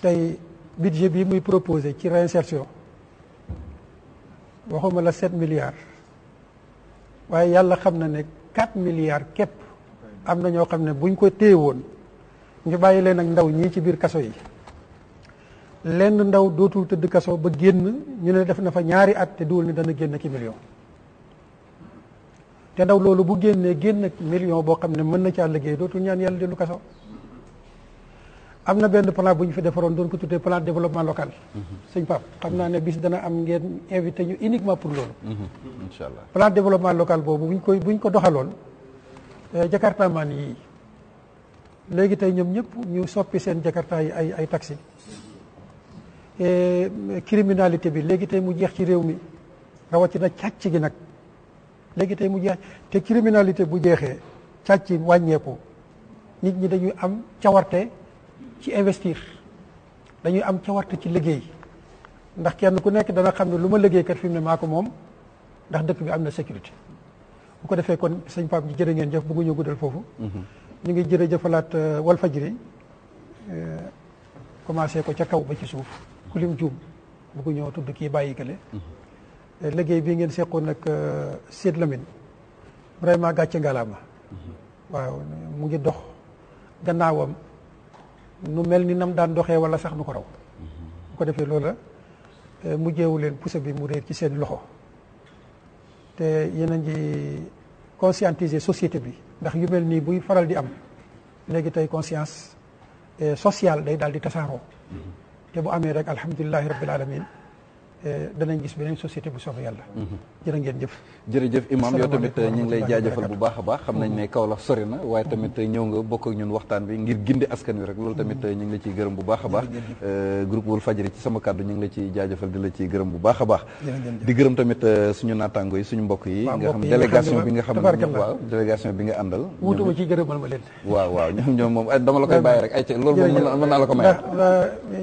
tey budget bi muy proposé ci réinsertion waxuma la sept milliards waaye yàlla xam na ne quatre milliards képp am na ñoo xam ne buñ ko téye woon ñu bàyyi leen ak ndaw ñii ci biir kaso yi lenn ndaw dootul tëdd kaso ba génn ñu ne def na fa ñaari at te duwul ni dana génn ki million te ndaw loolu bu génnee génn million boo xam ne mën na caa liggéey dootul ñaan yàlla dellu kaso am na benn plan bu ñu fi defaroon doon ko tuddee plan développement local. Mhm. sëñ Pape xam naa ne bis dana am ngeen invité ñu uniquement pour loolu. Mhm. incha allah plan développement local boobu bu bu ñu ko doxaloon. Euh, jakarta maan yi léegi tey ñoom ñëpp ñu soppi seen jakarta yi ay ay taxi. Euh, criminalité bi léegi tey mu jeex ci réew mi na càcc gi nag léegi tey mu jeex te criminalité bu jeexee càcc wàññeeku nit ñi dañuy am cawarte. ci investir dañuy am cawarte ci liggéey ndax kenn ku nekk dana xam ne lu ma liggéey kat fi mu ne maako moom ndax dëkk bi am na sécurité bu ko defee kon sëñ Pape ji jërë ngeen jëf bëgguñu guddal foofu. Mhm. ñu ngi jërëjëfalaat euh, Walfadjri euh, commencé ko ca kaw ba ci suuf ku lim juum bëgguñoo tudd kii bàyyi kële. Mhm. Euh, liggéey bii ngeen seqoon nag Sidy Lamine vraiment gàcce ngalaama. Mhm. waaw mu ngi dox gannaawam. nu mel ni nam daan doxee wala sax nu ko raw mhm. bu ko defee loola eh, mu jeewu leen puso bi mu réer ci seen loxo te yéen a ngi conscientiser société bi ndax yu mel nii buy faral di am léegi tey conscience eh, sociale day daal di tasaaroo mhm. te bu amee rek alhamdulilahi rabbil alamin Euh, danañ gis beneen société bu soobee yàlla. a mhm. ngeen jëf. jërëjëf Imaam yow tamit ñu ngi lay jaajëfal bu baax a baax xam nañ ne Kaolack sori na waaye mhm. tamit ñun mhm. la ciy gërëm bu baax a baax. Euh, di gërëm a tamit euh, suñu naataango yi suñu mbokk yi. nga xam délégation bi nga xam ne waaw délégation naa la ko may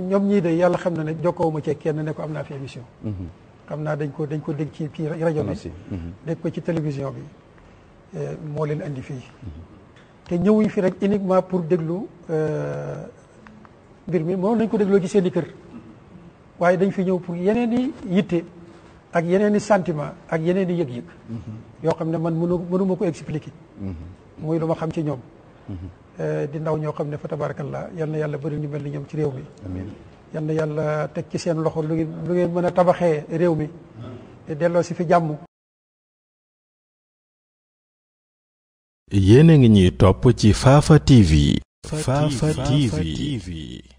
ñoom ñii de yàlla xam na ne jokkoowuma ci kenn ne ko am naa fi émission rajo. Mhm. xam naa dañ ko dañ ko dégg ci ci rajo bi. Mhm. dégg ko ci télévision bi eh, moo leen andi fi mhm. te ñëwuñ fi rek uniquement pour déglu euh, mbir mi moom nañ ko dégloo ci seen kër waaye dañ fi ñëw pour yeneen i yitte ak yeneen i sentiment ak yeneen i yëg-yëg. yoo xam ne man mënu mënuma ko expliquer. muy lu ma xam ci ñoom. Eh, di ndaw ñoo xam ne fa tabarakallah yal na yàlla bëri ñu mel ni ñoom ci réew mi. yan yàlla teg ci seen loxo lu ngeen lu ngeen a tabaxee réew mi te delloo si fi jàmm. yéen a ngi ñuy topp ci Fafa TV. Fafa TV.